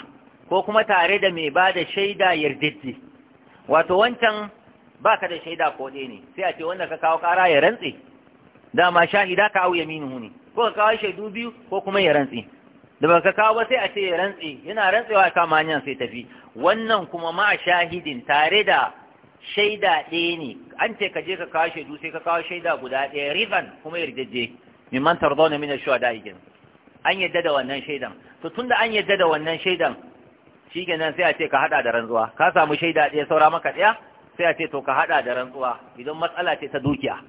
ko kuma tare da mai ba da shaida yardidi wato wancan baka da shaida ko ne sai a ce wanda ka kawo kara ya rantse dama shahida ka au yaminuhu ne ko ka kawo shaidu biyu ko kuma ya rantse da ka kawo ba sai a ce ya rantse yana rantsewa kama hanyar sai tafi wannan kuma ma shahidin tare da shaida ɗaya ne an ce ka je ka kawo shaidu sai ka kawo shaida guda ɗaya riban kuma yarjeje mimman tarzauna min ash da igin an yadda da wannan shaidan to tunda an yadda da wannan shaidan shikenan sai a ce ka hada da rantsuwa ka samu shaida ɗaya saura maka ɗaya sai a ce to ka hada da rantsuwa idan matsala ce ta dukiya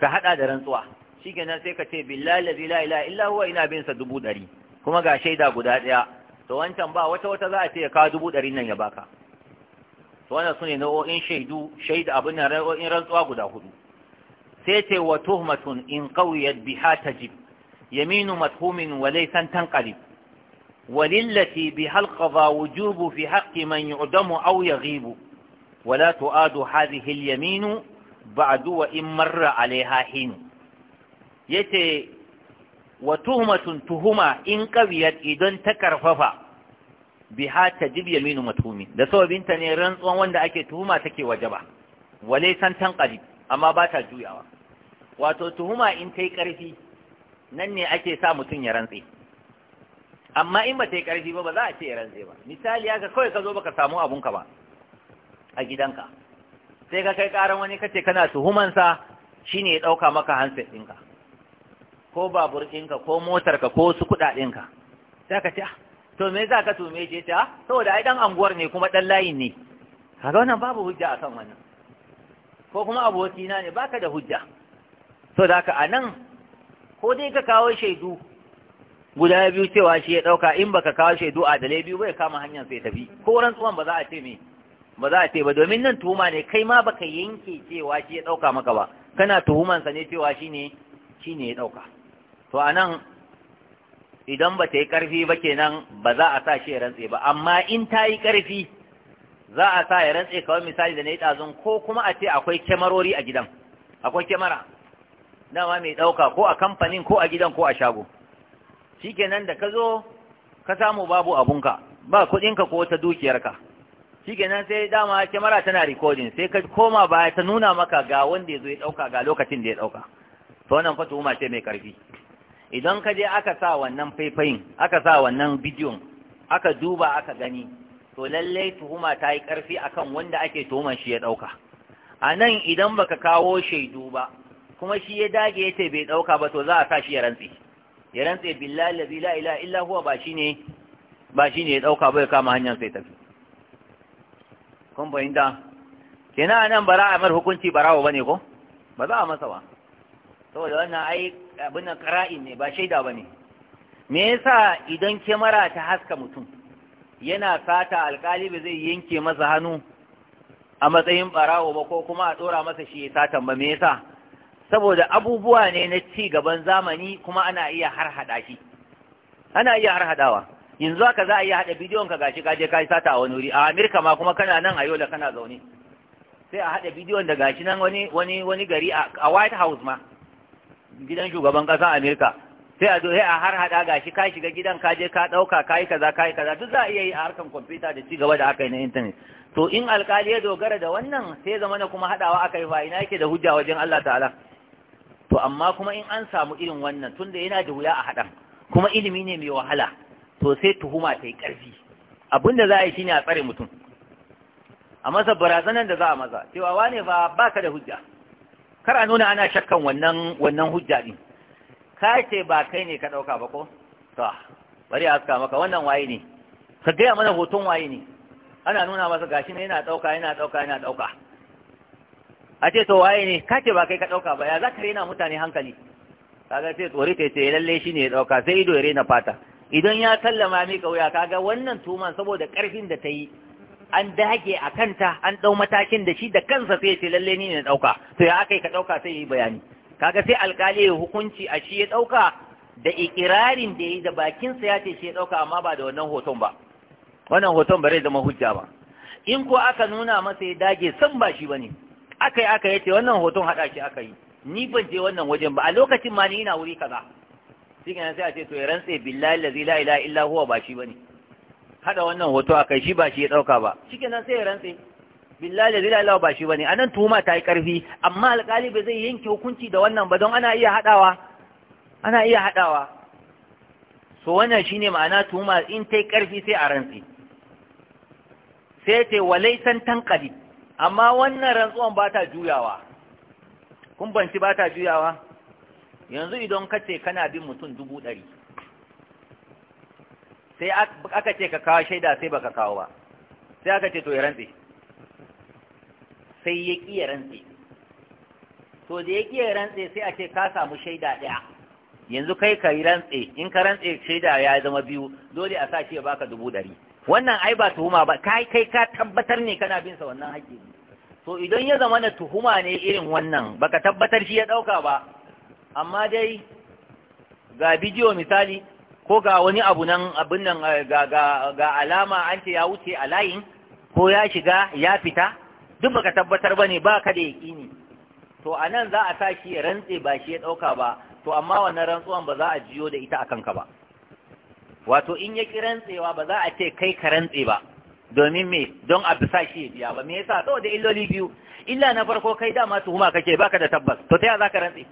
ka hada da rantsuwa shikenan sai ka ce billahi la ilaha illa huwa ina bin sa dubu ɗari kuma ga shaida guda ɗaya to wancan ba wata wata za a ce ya kawo dubu ɗari nan ya baka to wannan sune nau'o'in shaidu shaida abin nan nau'o'in rantsuwa guda hudu sai ce wa tuhmatun in qawiyat biha tajib yaminu mathumin wa laysan tanqalib bi بها wujubu fi في man من يعدم Wala يغيب ولا تؤاد هذه yaminu. ba'du wa in marra alaiha hin yace wa tuhmatun tuhuma in qawiyat idan ta karfafa biha tajib yaminu matumi da sababin ta ne rantsuwan wanda ake tuhuma take wajaba wale san tan qarib amma ba ta juyawa wato tuhuma in tai karfi nan ne ake sa mutum ya rantse? amma in ba ta yi ƙarfi ba ba za a ce ya rantse ba misali haka kawai ka zo ba baka samu abunka ba a gidanka sai ka kai karan wani kace kana tuhumansa shine ya dauka maka hansa ɗinka ko babur ɗinka ko motarka ko su kuɗaɗinka sai ka ce ah, to me za ka tume je ta ah, saboda ai dan anguwar ne kuma dan layin ne kaga wannan babu hujja akan wannan ko kuma abokina ne baka da hujja to da haka anan ko dai ka kawo shaidu guda biyu cewa shi ya dauka in baka kawo shaidu a dalai biyu bai kama hanyar sai tafi ko ran rantsuwan ba za a ce me ba za a ce ba domin nan tuhuma ne kai ma baka yanke cewa shi ya ɗauka maka ba kana tuhuman sa ne cewa shi ne shi ne ya ɗauka to a nan idan ba ta yi ƙarfi ba kenan ba za a sa shi ya rantse ba amma in ta yi ƙarfi za a sa ya rantse kawai misali da na yi ɗazun ko kuma a ce akwai kyamarori a gidan akwai kyamara dama mai ɗauka ko a kamfanin ko a gidan ko a shago shi kenan da ka zo ka samu babu abunka ba kuɗinka ko wata dukiyarka kenan sai dama kyamara tana recording sai ka koma baya ta nuna maka ga wanda ya zo ya ɗauka ga lokacin da ya ɗauka to wannan fa tuhuma ce mai ƙarfi idan ka je aka sa wannan faifayin aka sa wannan bidiyon aka duba aka gani to lallai tuhuma ta yi ƙarfi akan wanda ake tuhuman shi ya ɗauka a nan idan baka kawo shaidu ba kuma shi ya dage ya ce bai ɗauka ba to za a sa shi ya rantse ya rantse billahi la ilaha illa huwa ba shine ba shine ya ɗauka ba ya kama hanyar sai tafi kun fahimta Kina nan bara a mar hukunci barawo bane ko ba za a masa ba saboda wannan ai abin nan qara'in ne ba shaida bane me yasa idan kyamara ta haska mutum yana sata alkali zai yanke masa hannu a matsayin barawo ba ko kuma a tsora masa shi ya satan ba me yasa saboda abubuwa ne na ci gaban zamani kuma ana iya harhaɗa shi ana iya harhaɗawa yanzu haka za a yi haɗa bidiyon ka gashi kaje ka yi sata a wani wuri a Amerika ma kuma kana nan a yola kana zaune sai a haɗa bidiyon da gashi nan wani wani wani gari a White House ma gidan shugaban a Amerika sai a zo sai a har haɗa gashi ka shiga gidan ka je ka ɗauka ka yi kaza ka yi kaza duk za a iya yi a harkan kwamfuta da cigaba da aka yi na intanet to in alkali ya dogara da wannan sai zama na kuma haɗawa aka yi fa ina yake da hujja wajen Allah ta'ala to amma kuma in an samu irin wannan tunda yana da wuya a haɗa kuma ilimi ne mai wahala to sai tuhuma ta yi ƙarfi abin da za a yi shi ne a tsare mutum a masa barazanar da za a maza cewa wane ba baka da hujja kar a nuna ana shakkan wannan wannan hujja din ka ce ba kai ne ka ɗauka ba ko to bari a aska maka wannan waye ne ka gaya mana hoton waye ne ana nuna masa gashi ne yana ɗauka yana ɗauka yana ɗauka a ce to waye ne ka ce ba kai ka ɗauka ba ya za ka rena mutane hankali kaga sai tsori ta ce lalle shi ne ya ɗauka sai ido ya rena fata idan ya sallama mika wuya kaga wannan tuman saboda ƙarfin da ta yi an dage a kanta an ɗau matakin da shi da kansa sai ce lalle ni ne ɗauka to ya aka yi ka ɗauka sai ya yi bayani kaga sai alƙali ya hukunci a shi ya ɗauka da ikirarin da ya yi da bakinsa ya ce shi ya ɗauka amma ba da wannan hoton ba wannan hoton ba zai zama hujja ba in ko aka nuna masa ya dage san ba shi ba ne aka yi aka yace wannan hoton haɗa shi aka yi ni ban je wannan wajen ba a lokacin ma ni ina wuri kaza shi kenan sai a ce to ya rantse billahi lazi la ilaha illa huwa ba shi bane hada wannan hoto a kai shi ba shi ya dauka ba shi kenan sai ya rantse billahi lazi la ilaha ba shi bane anan tuhuma ta yi karfi amma alƙali ba zai yanke hukunci da wannan ba don ana iya hadawa ana iya hadawa so wannan shine ma'ana tuhuma in ta yi karfi sai a rantse sai ta walaisan tankali amma wannan rantsuwan ba ta juyawa kun banci ba ta juyawa yanzu idan ka ce kana bin mutum dubu ɗari sai aka ce ka kawo shaida sai baka kawo ba sai aka ce to ya rantse sai ya ƙi ya rantse to da ya ƙi ya rantse sai a ce ka samu shaida ɗaya yanzu kai ka yi rantse in ka rantse shaida ya zama biyu dole a sa shi ya baka dubu ɗari wannan ai ba tuhuma ba kai kai ka tabbatar ne kana bin sa wannan haƙƙi to idan ya zama na tuhuma ne irin wannan baka tabbatar shi ya ɗauka ba amma dai ga bidiyo misali ko ga wani abu nan abin nan eh, ga alama an ce ya wuce a layin ko ya shiga ya fita duk baka tabbatar ba ne ba ka da yaƙini to a nan za a sa shi ya rantse ba shi ya ɗauka ba to amma wannan rantsuwan ba za a jiyo da ita a kanka ba wato in ya ƙi rantsewa ba za a ce kai ka rantse ba domin me don a bisa shi biya ba me yasa saboda illoli biyu illa na farko kai dama tuhuma kake baka da tabbas to ta ya za ka rantse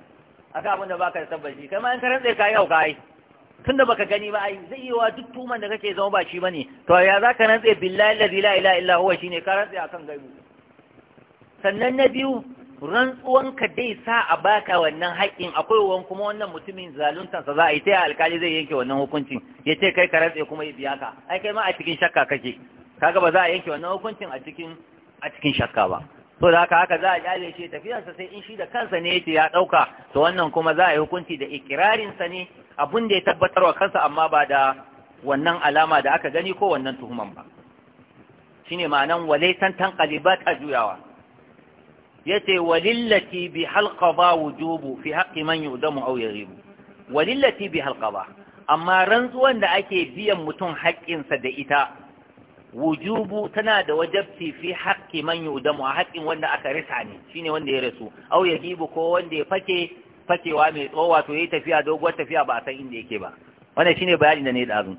akan abin da baka da tabbaci kai ma in ka rantsa kai hauka kai tunda baka gani ba ai zai yiwa duk tuman da kake zama ba shi bane to ya zaka rantsa billahi allazi la ilaha illa huwa shine ka rantsa akan gaibu sannan na biyu rantsuwan ka dai sa a baka wannan haƙƙin akwai wani kuma wannan mutumin sa za a yi ta alkali zai yanke wannan hukuncin ya ce kai ka rantse kuma ya biya ka ai kai ma a cikin shakka kake kaga ba za a yanke wannan hukuncin a cikin a cikin shakka ba so da haka haka za a kyale shi tafiyarsa sai in shi da kansa ne yake ya ɗauka to wannan kuma za a yi hukunci da ikirarinsa ne abin da ya tabbatar wa kansa amma ba da wannan alama da aka gani ko wannan tuhuman ba shine ma'anan walaitan tanqalibat a juyawa yace walillati bi halqaba wujubu fi haqqi man yudamu aw yaghibu walillati bi halqaba amma rantsuwan da ake biyan mutum haƙƙinsa da ita wujubu tana da wajabci fi haƙƙi man yudamu a haƙƙin wanda aka risa ne shine wanda ya rasu au ya gibu ko wanda ya fake fakewa mai tsawo wato yayi tafiya doguwar tafiya ba a san inda yake ba wannan shine bayani da ne da azu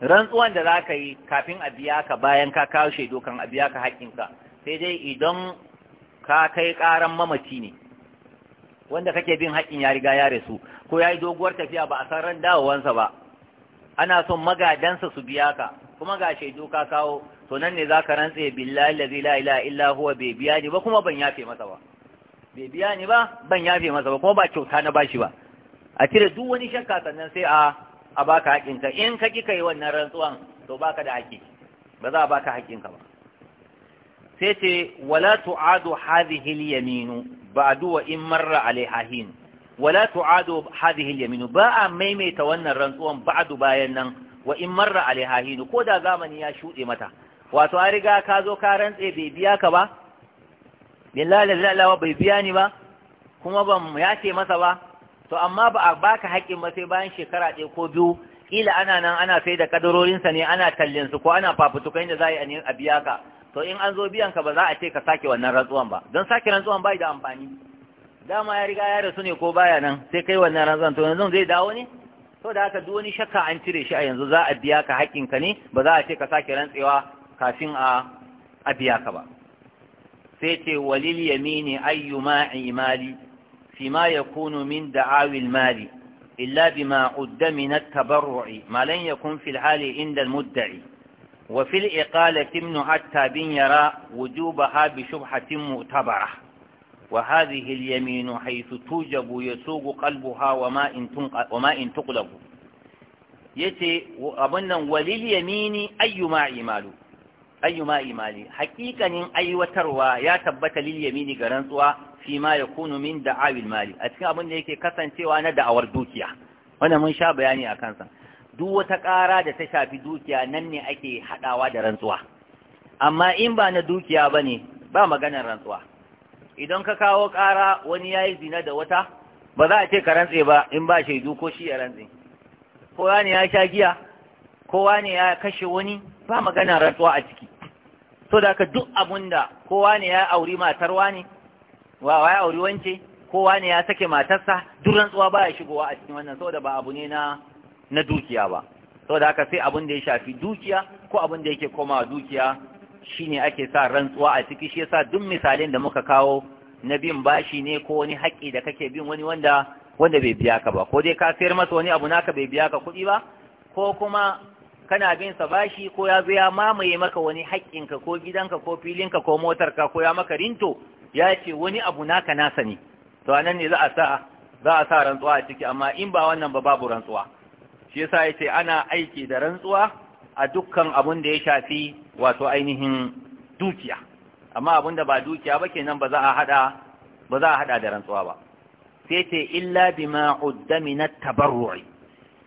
rantsuwan da zaka yi kafin a biya ka bayan ka kawo shaidu kan a biya ka haƙƙinka sai dai idan ka kai ƙaran mamaci ne wanda kake bin haƙƙin ya riga ya rasu ko yayi doguwar tafiya ba a san ran dawowansa ba ana son magadansa su biya ka kuma ga shaidu ka kawo to nan ne zaka rantse billahi la ilaha illa huwa bai biya ni ba kuma ban yafe masa ba bai biya ni ba ban yafe masa ba kuma ba kyauta na bashi ba a cire duk wani shakka sannan sai a a baka hakinka in ka ki kai wannan rantsuwan to baka da haƙi ba za a baka haƙinka ba sai ce wala tu'adu hadhihi al-yaminu ba'du wa in marra alaiha hin wala tu'adu hadhihi al-yamin ba a maimaita wannan rantsuwan ba'du bayan nan wa in marra alaiha ko da zamani ya shude mata wato a riga ka zo ka rantse bai biya ka ba billahi lallawa bai biya ni ba kuma ban yace masa ba to amma ba a baka haƙƙin ba sai bayan shekara ɗaya ko biyu ƙila ana nan ana sai da kadarorinsa ne ana tallin su ko ana fafutukai da za a yi a biya ka to in an zo biyan ka ba za a ce ka sake wannan rantsuwan ba don sake rantsuwan bai da amfani dama ya riga ya rasu ne ko baya nan sai kai wannan ranzan to yanzu zai dawo ne to da haka duk wani shakka an cire shi a yanzu za a biya ka haƙƙinka ne ba za a ce ka sake rantsewa kafin a a biya ka ba sai ce walil yamini ayyuma imali fi ma yakunu min da'awil mali illa bima udda min at-tabarru'i ma lan yakun fil hali inda al-mudda'i wa fil iqalati ibn hatta bin yara wujubaha bi shubhatin mu'tabara وهذه اليمين حيث توجب يسوق قلبها وما إن تقلب yace abin nan walil yamini ayyuma imalu ayyuma aiwatarwa ya tabbata lil ga rantsuwa fi ma yakunu min da'awil mali a cikin abin da yake kasancewa na da'awar dukiya wannan mun sha bayani a kansa duk wata ƙara da ta shafi dukiya nan ne ake haɗawa da rantsuwa amma in ba na dukiya bane ba maganar rantsuwa idan ka kawo ƙara wani ya yi zina da wata ba za a ce ka rantse ba in ba shaidu ko shi ya rantse kowa ne ya sha giya kowa ne ya kashe wani ba magana rantsuwa a ciki so da ka duk abun da kowa ne ya auri matar wani wa ya auri wance kowa ne ya sake matarsa duk rantsuwa ba ya shigowa a cikin wannan saboda ba abu ne na na dukiya ba saboda haka sai abun da ya shafi dukiya ko abun da yake komawa dukiya shi ne ake sa rantsuwa a ciki shi yasa duk misalin da muka kawo na bin bashi ne ko wani haƙƙi da kake bin wani wanda wanda bai biya ka ba ko dai ka sayar masa wani abu naka bai biya ka kuɗi ba ko kuma kana bin sa bashi ko ya zo ya mamaye maka wani haƙƙinka ko gidanka ko filinka ko motarka ko ya maka rinto ya ce wani abu naka nasa ne to anan ne za a sa za a sa rantsuwa a ciki amma in ba wannan ba babu rantsuwa shi yasa yace ana aiki da rantsuwa a dukkan abunda da ya shafi wato ainihin dukiya amma abun da ba dukiya ba kenan ba za a hada ba za a hada da rantsuwa ba sai ce illa bima udda min at-tabarru'i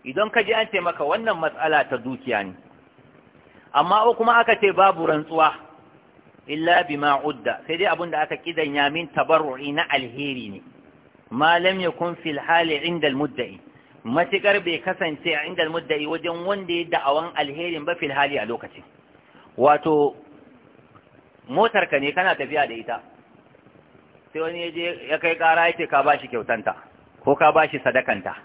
idan ka ji an ce maka wannan matsala ta dukiya ne amma ko kuma aka ce babu rantsuwa illa bima udda sai dai abin da aka kidanya min tabarru'i na alheri ne ma lam yakun fil hali inda al-mudda'i matikar bai kasance a inda muddai wajen wanda ya da'awan alherin ba fil hali a lokaci. wato motar ne kana tafiya da ita sai wani ya je ya kai kara yace ka bashi kyautanta ko ka bashi sadakanta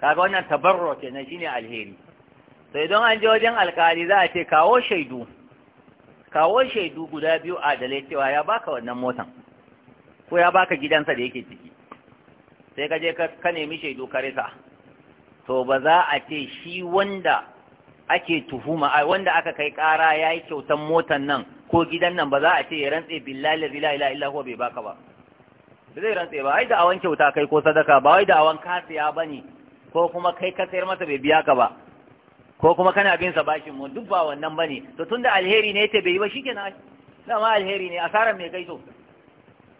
kaga wannan tabarro shi shine alheri sai don an je wajen alkali za a ce kawo shaidu kawo shaidu guda biyu a dalai cewa ya baka wannan motan ko ya baka gidansa da yake ciki sai ka je ka nemi shaidu karisa to ba za a ce shi wanda ake tuhuma wanda aka kai kara ya yi kyautan motan nan ko gidan nan ba za a ce ya rantse billahi zila ila illa huwa bai baka ba ba zai rantse ba ai da awan kyauta kai ko sadaka ba wai da awan kasiya bane ko kuma kai ka sayar masa bai biya ka ba ko kuma kana bin sa bashin mu duk ba wannan bane to tunda alheri ne yace bai yi ba shikenan dama alheri ne asaran me kai to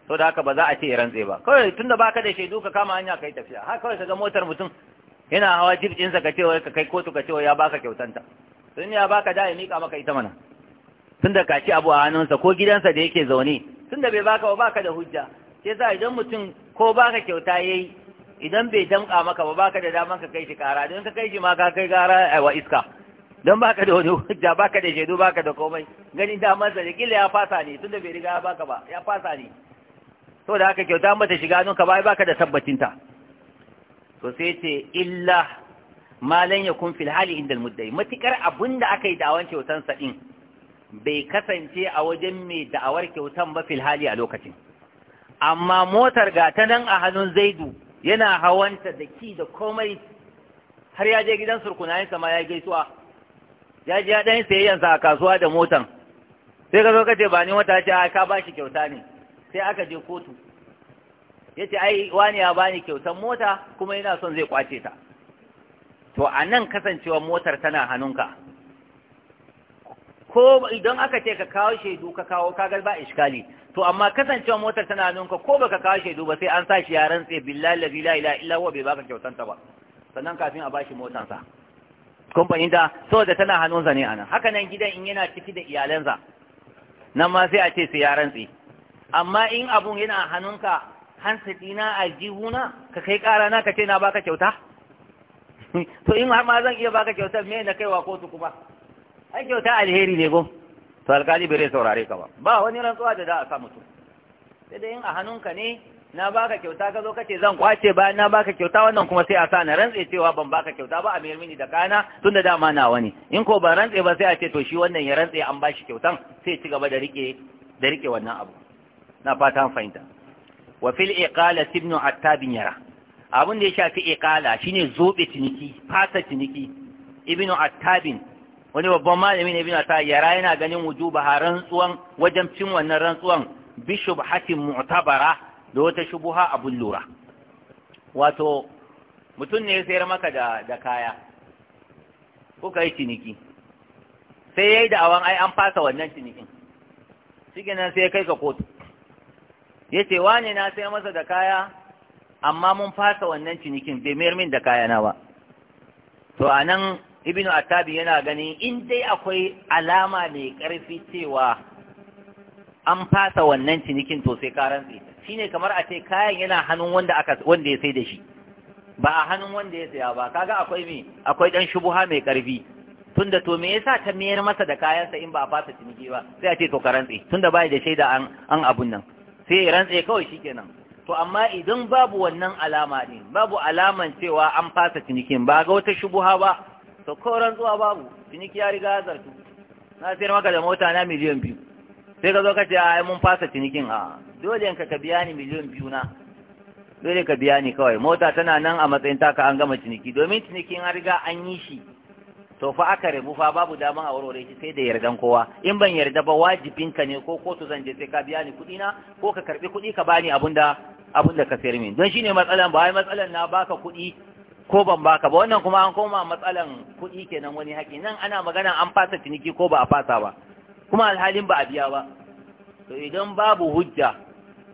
to da haka ba za a ce rantse ba kawai tunda baka da shaidu ka kama hanya kai tafiya har kawai kaga motar mutum yana hawa jirgin sa ka ce ka kai kotu ka ce ya baka kyautanta tun ya baka da ya mika maka ita mana tunda ka ci abu a hannunsa ko gidansa da yake zaune tunda bai baka ba baka da hujja Ke za idan mutum ko baka kyauta yayi idan bai damƙa maka ba baka da daman ka kai shi kara don ka kai shi ma ka kai gara wa iska don baka da wani hujja baka da shaidu baka da komai ganin damarsa sa da kila ya fasa ne tunda bai riga ya baka ba ya fasa ne da haka kyauta mata shiga nuka ba baka da tabbacinta to sai ce illa malan ya kun fil hali inda muddai matukar abinda aka yi da'awan kyautan sa din bai kasance a wajen mai da'awar kyautan ba fil hali a lokacin amma motar ga ta nan a hannun zaidu yana hawanta da ki da komai har ya je gidan surkunayen sama ya gaisuwa ya ji ya dan sayayyansa a kasuwa da motan sai ka zo ka ce ba ni wata ce ka ba shi kyauta ne sai aka je kotu Ya ce, ai wani ya bani kyautan mota kuma yana son zai kwace ta to a nan kasancewar motar tana hannunka ko idan aka ce ka kawo shaidu ka kawo kagar ba iskali to amma kasancewar motar tana hannunka ko baka kawo shaidu ba sai an sa shi ya rantse billahi la ilaha illa huwa bai baka kyautan ta ba sannan kafin a bashi motar sa kumfanin da saboda tana hannunsa ne anan haka nan gidan in yana ciki da iyalansa nan ma sai a ce sai ya rantse amma in abun yana hannunka hansa dina a jihuna ka kai ƙara na ka ce na baka kyauta to in har ma zan iya baka kyauta me na kaiwa kotu kuma ai kyauta alheri ne go to alkali bai saurare ka ba ba wani rantsuwa da za a sa mutum sai da in a hannunka ne na baka kyauta ka zo kace zan kwace ba na baka kyauta wannan kuma sai a sa na rantse cewa ban baka kyauta ba a mayar mini da kana tun da dama na wani in ko ban rantse ba sai a ce to shi wannan ya rantse an bashi kyautan sai ci gaba da rike wannan abu na fata an fahimta wa fil iqala ibn attab yara abin da ya shafi iqala shine zobe ciniki fasa ciniki ibn attab wani babban malami ne ibn attab yara yana ganin wujuba rantsuwan wajen cin wannan rantsuwan bi shubhatin mu'tabara da wata shubuha abun lura wato mutum ne ya sayar maka da da kaya kuka yi ciniki sai yayi da awan ai an fasa wannan cinikin shi sai kai ka kotu ya ce wane na sai masa da kaya amma mun fasa wannan cinikin bai mayar min da kaya na ba to a nan ibnu attabi yana ganin in dai akwai alama mai ƙarfi cewa an fasa wannan cinikin to sai ka rantse shine kamar a ce kayan yana hannun wanda ya sai da shi ba a hannun wanda ya saya ba kaga akwai me akwai dan shubuha mai karfi tunda to me yasa ta mayar masa da kayansa in ba a fasa ciniki ba sai a ce to karantsi tunda bai da shaida an an abun nan sai ya rantse kawai shikenan to amma idan babu wannan alama din babu alaman cewa an fasa cinikin ba ga wata shubuha ba to ko rantsuwa babu ciniki ya riga zartu na sayar maka da mota na miliyan biyu sai ka zo ka ce ai mun fasa cinikin a dole ka ka biya ni miliyan biyu na dole ka biya ni kawai mota tana nan a matsayin taka an gama ciniki domin cinikin ya riga an yi shi to fa aka rabu fa babu daman a warware shi sai da yardan kowa in ban yarda ba wajibin ka ne ko kotu zan je sai ka biya ni kuɗi na ko ka karbi kuɗi ka bani abunda abunda ka sayar min don shine matsalan ba wai matsalan na baka kuɗi ko ban baka ba wannan kuma an koma matsalan kuɗi kenan wani haƙi nan ana magana an fasa ciniki ko ba a fasa ba kuma alhalin ba a biya ba to idan babu hujja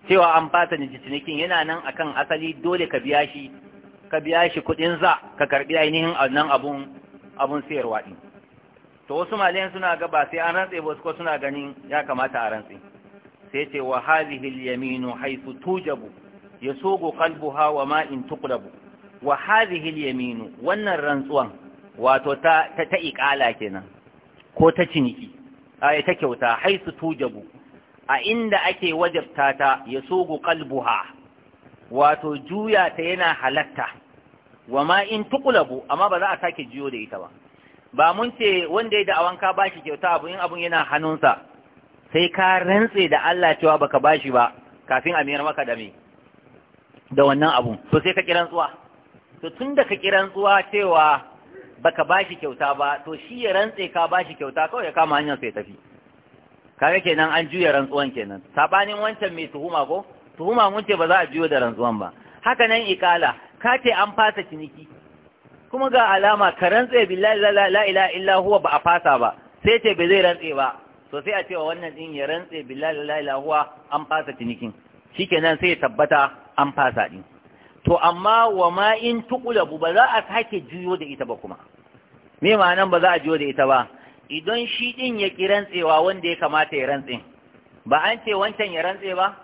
cewa an fasa cinikin yana nan akan asali dole ka biya shi ka biya shi kuɗin za ka karbi ainihin nan abun abun sayarwa din to wasu malayan suna ga ba sai an rantse ba ko suna ganin ya kamata a rantse sai ce wa hadhihi al-yaminu haythu tujabu yasugu qalbuha wa ma in tuqlabu wa hadhihi al-yaminu wannan rantsuwan wato ta ta, ta kenan ko ta ciniki ai ta kyauta haythu tujabu a inda ake wajabta ta yasugu qalbuha wato juya ta yana halatta wa ma in tuqlabu amma ba za a sake jiyo da ita ba ba mun ce wanda ya da wanka bashi kyauta abu in abun yana hannunsa sai ka rantse da Allah cewa baka bashi ba kafin a miyar maka da me da wannan abun to sai ka kiran tsuwa to da ka kiran tsuwa cewa baka bashi kyauta ba to shi ya rantse ka bashi kyauta kawai ya kama hanyar sai tafi kaga kenan an juya rantsuwan kenan sabanin wancan mai tuhuma ko tuhuma mun ce ba za a juyo da rantsuwan ba haka nan ikala ka ce an fasa ciniki kuma ga alama ka rantse billahi la ilaha illa huwa ba a fasa ba sai ce bai zai rantse ba to sai a ce wa wannan din ya rantse billahi la ilaha huwa an fasa cinikin shikenan sai ya tabbata an fasa din to amma wa ma in tuqulabu ba za a sake juyo da ita ba kuma me ma'anan ba za a juyo da ita ba idan shi din ya ki rantsewa wanda ya kamata ya rantse ba an ce wancan ya rantse ba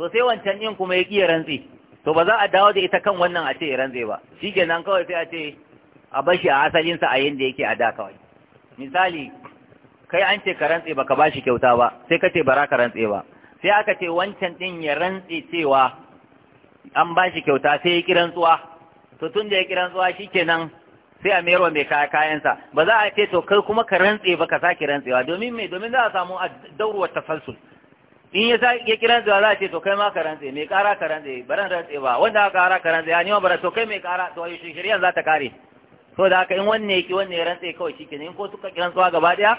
to sai wancan din kuma ya ki ya rantse to ba za a dawo da ita kan wannan a ce iran zai ba shi kenan kawai sai a ce a bashi a asalinsa a yanda yake a da kawai misali kai an ce ka rantse ba ka ba shi kyauta ba sai ka ce bara ka rantse ba sai aka ce wancan din ya rantse cewa an ba shi kyauta sai ya kiran tsuwa to tun da ya kiran tsuwa nan sai a mayarwa mai kaya kayansa ba za a ce to kai kuma ka rantse ba ka sake rantsewa domin me domin za a samu a daurwar tafalsul in ya ya kiran zuwa za a ce to kai ma ka rantse mai kara ka rantse baran rantse ba wanda aka kara ka rantse ya nima bara to kai mai kara to yi shirya za ta kare so da haka in wanne ya ki wanne ya rantse kawai shikenan in ko suka kiran zuwa gaba daya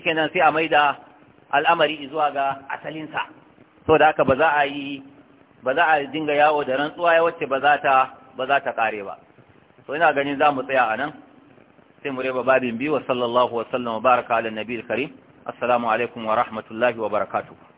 kenan sai a maida al'amari zuwa ga asalinsa so da haka ba za a yi ba za a dinga yawo da rantsuwa ya wacce ba za ta ba za ta kare ba to ina ganin za mu tsaya a nan sai mu reba babin biyu wa sallallahu wa sallam wa baraka ala nabiyil karim assalamu alaikum wa rahmatullahi wa barakatuh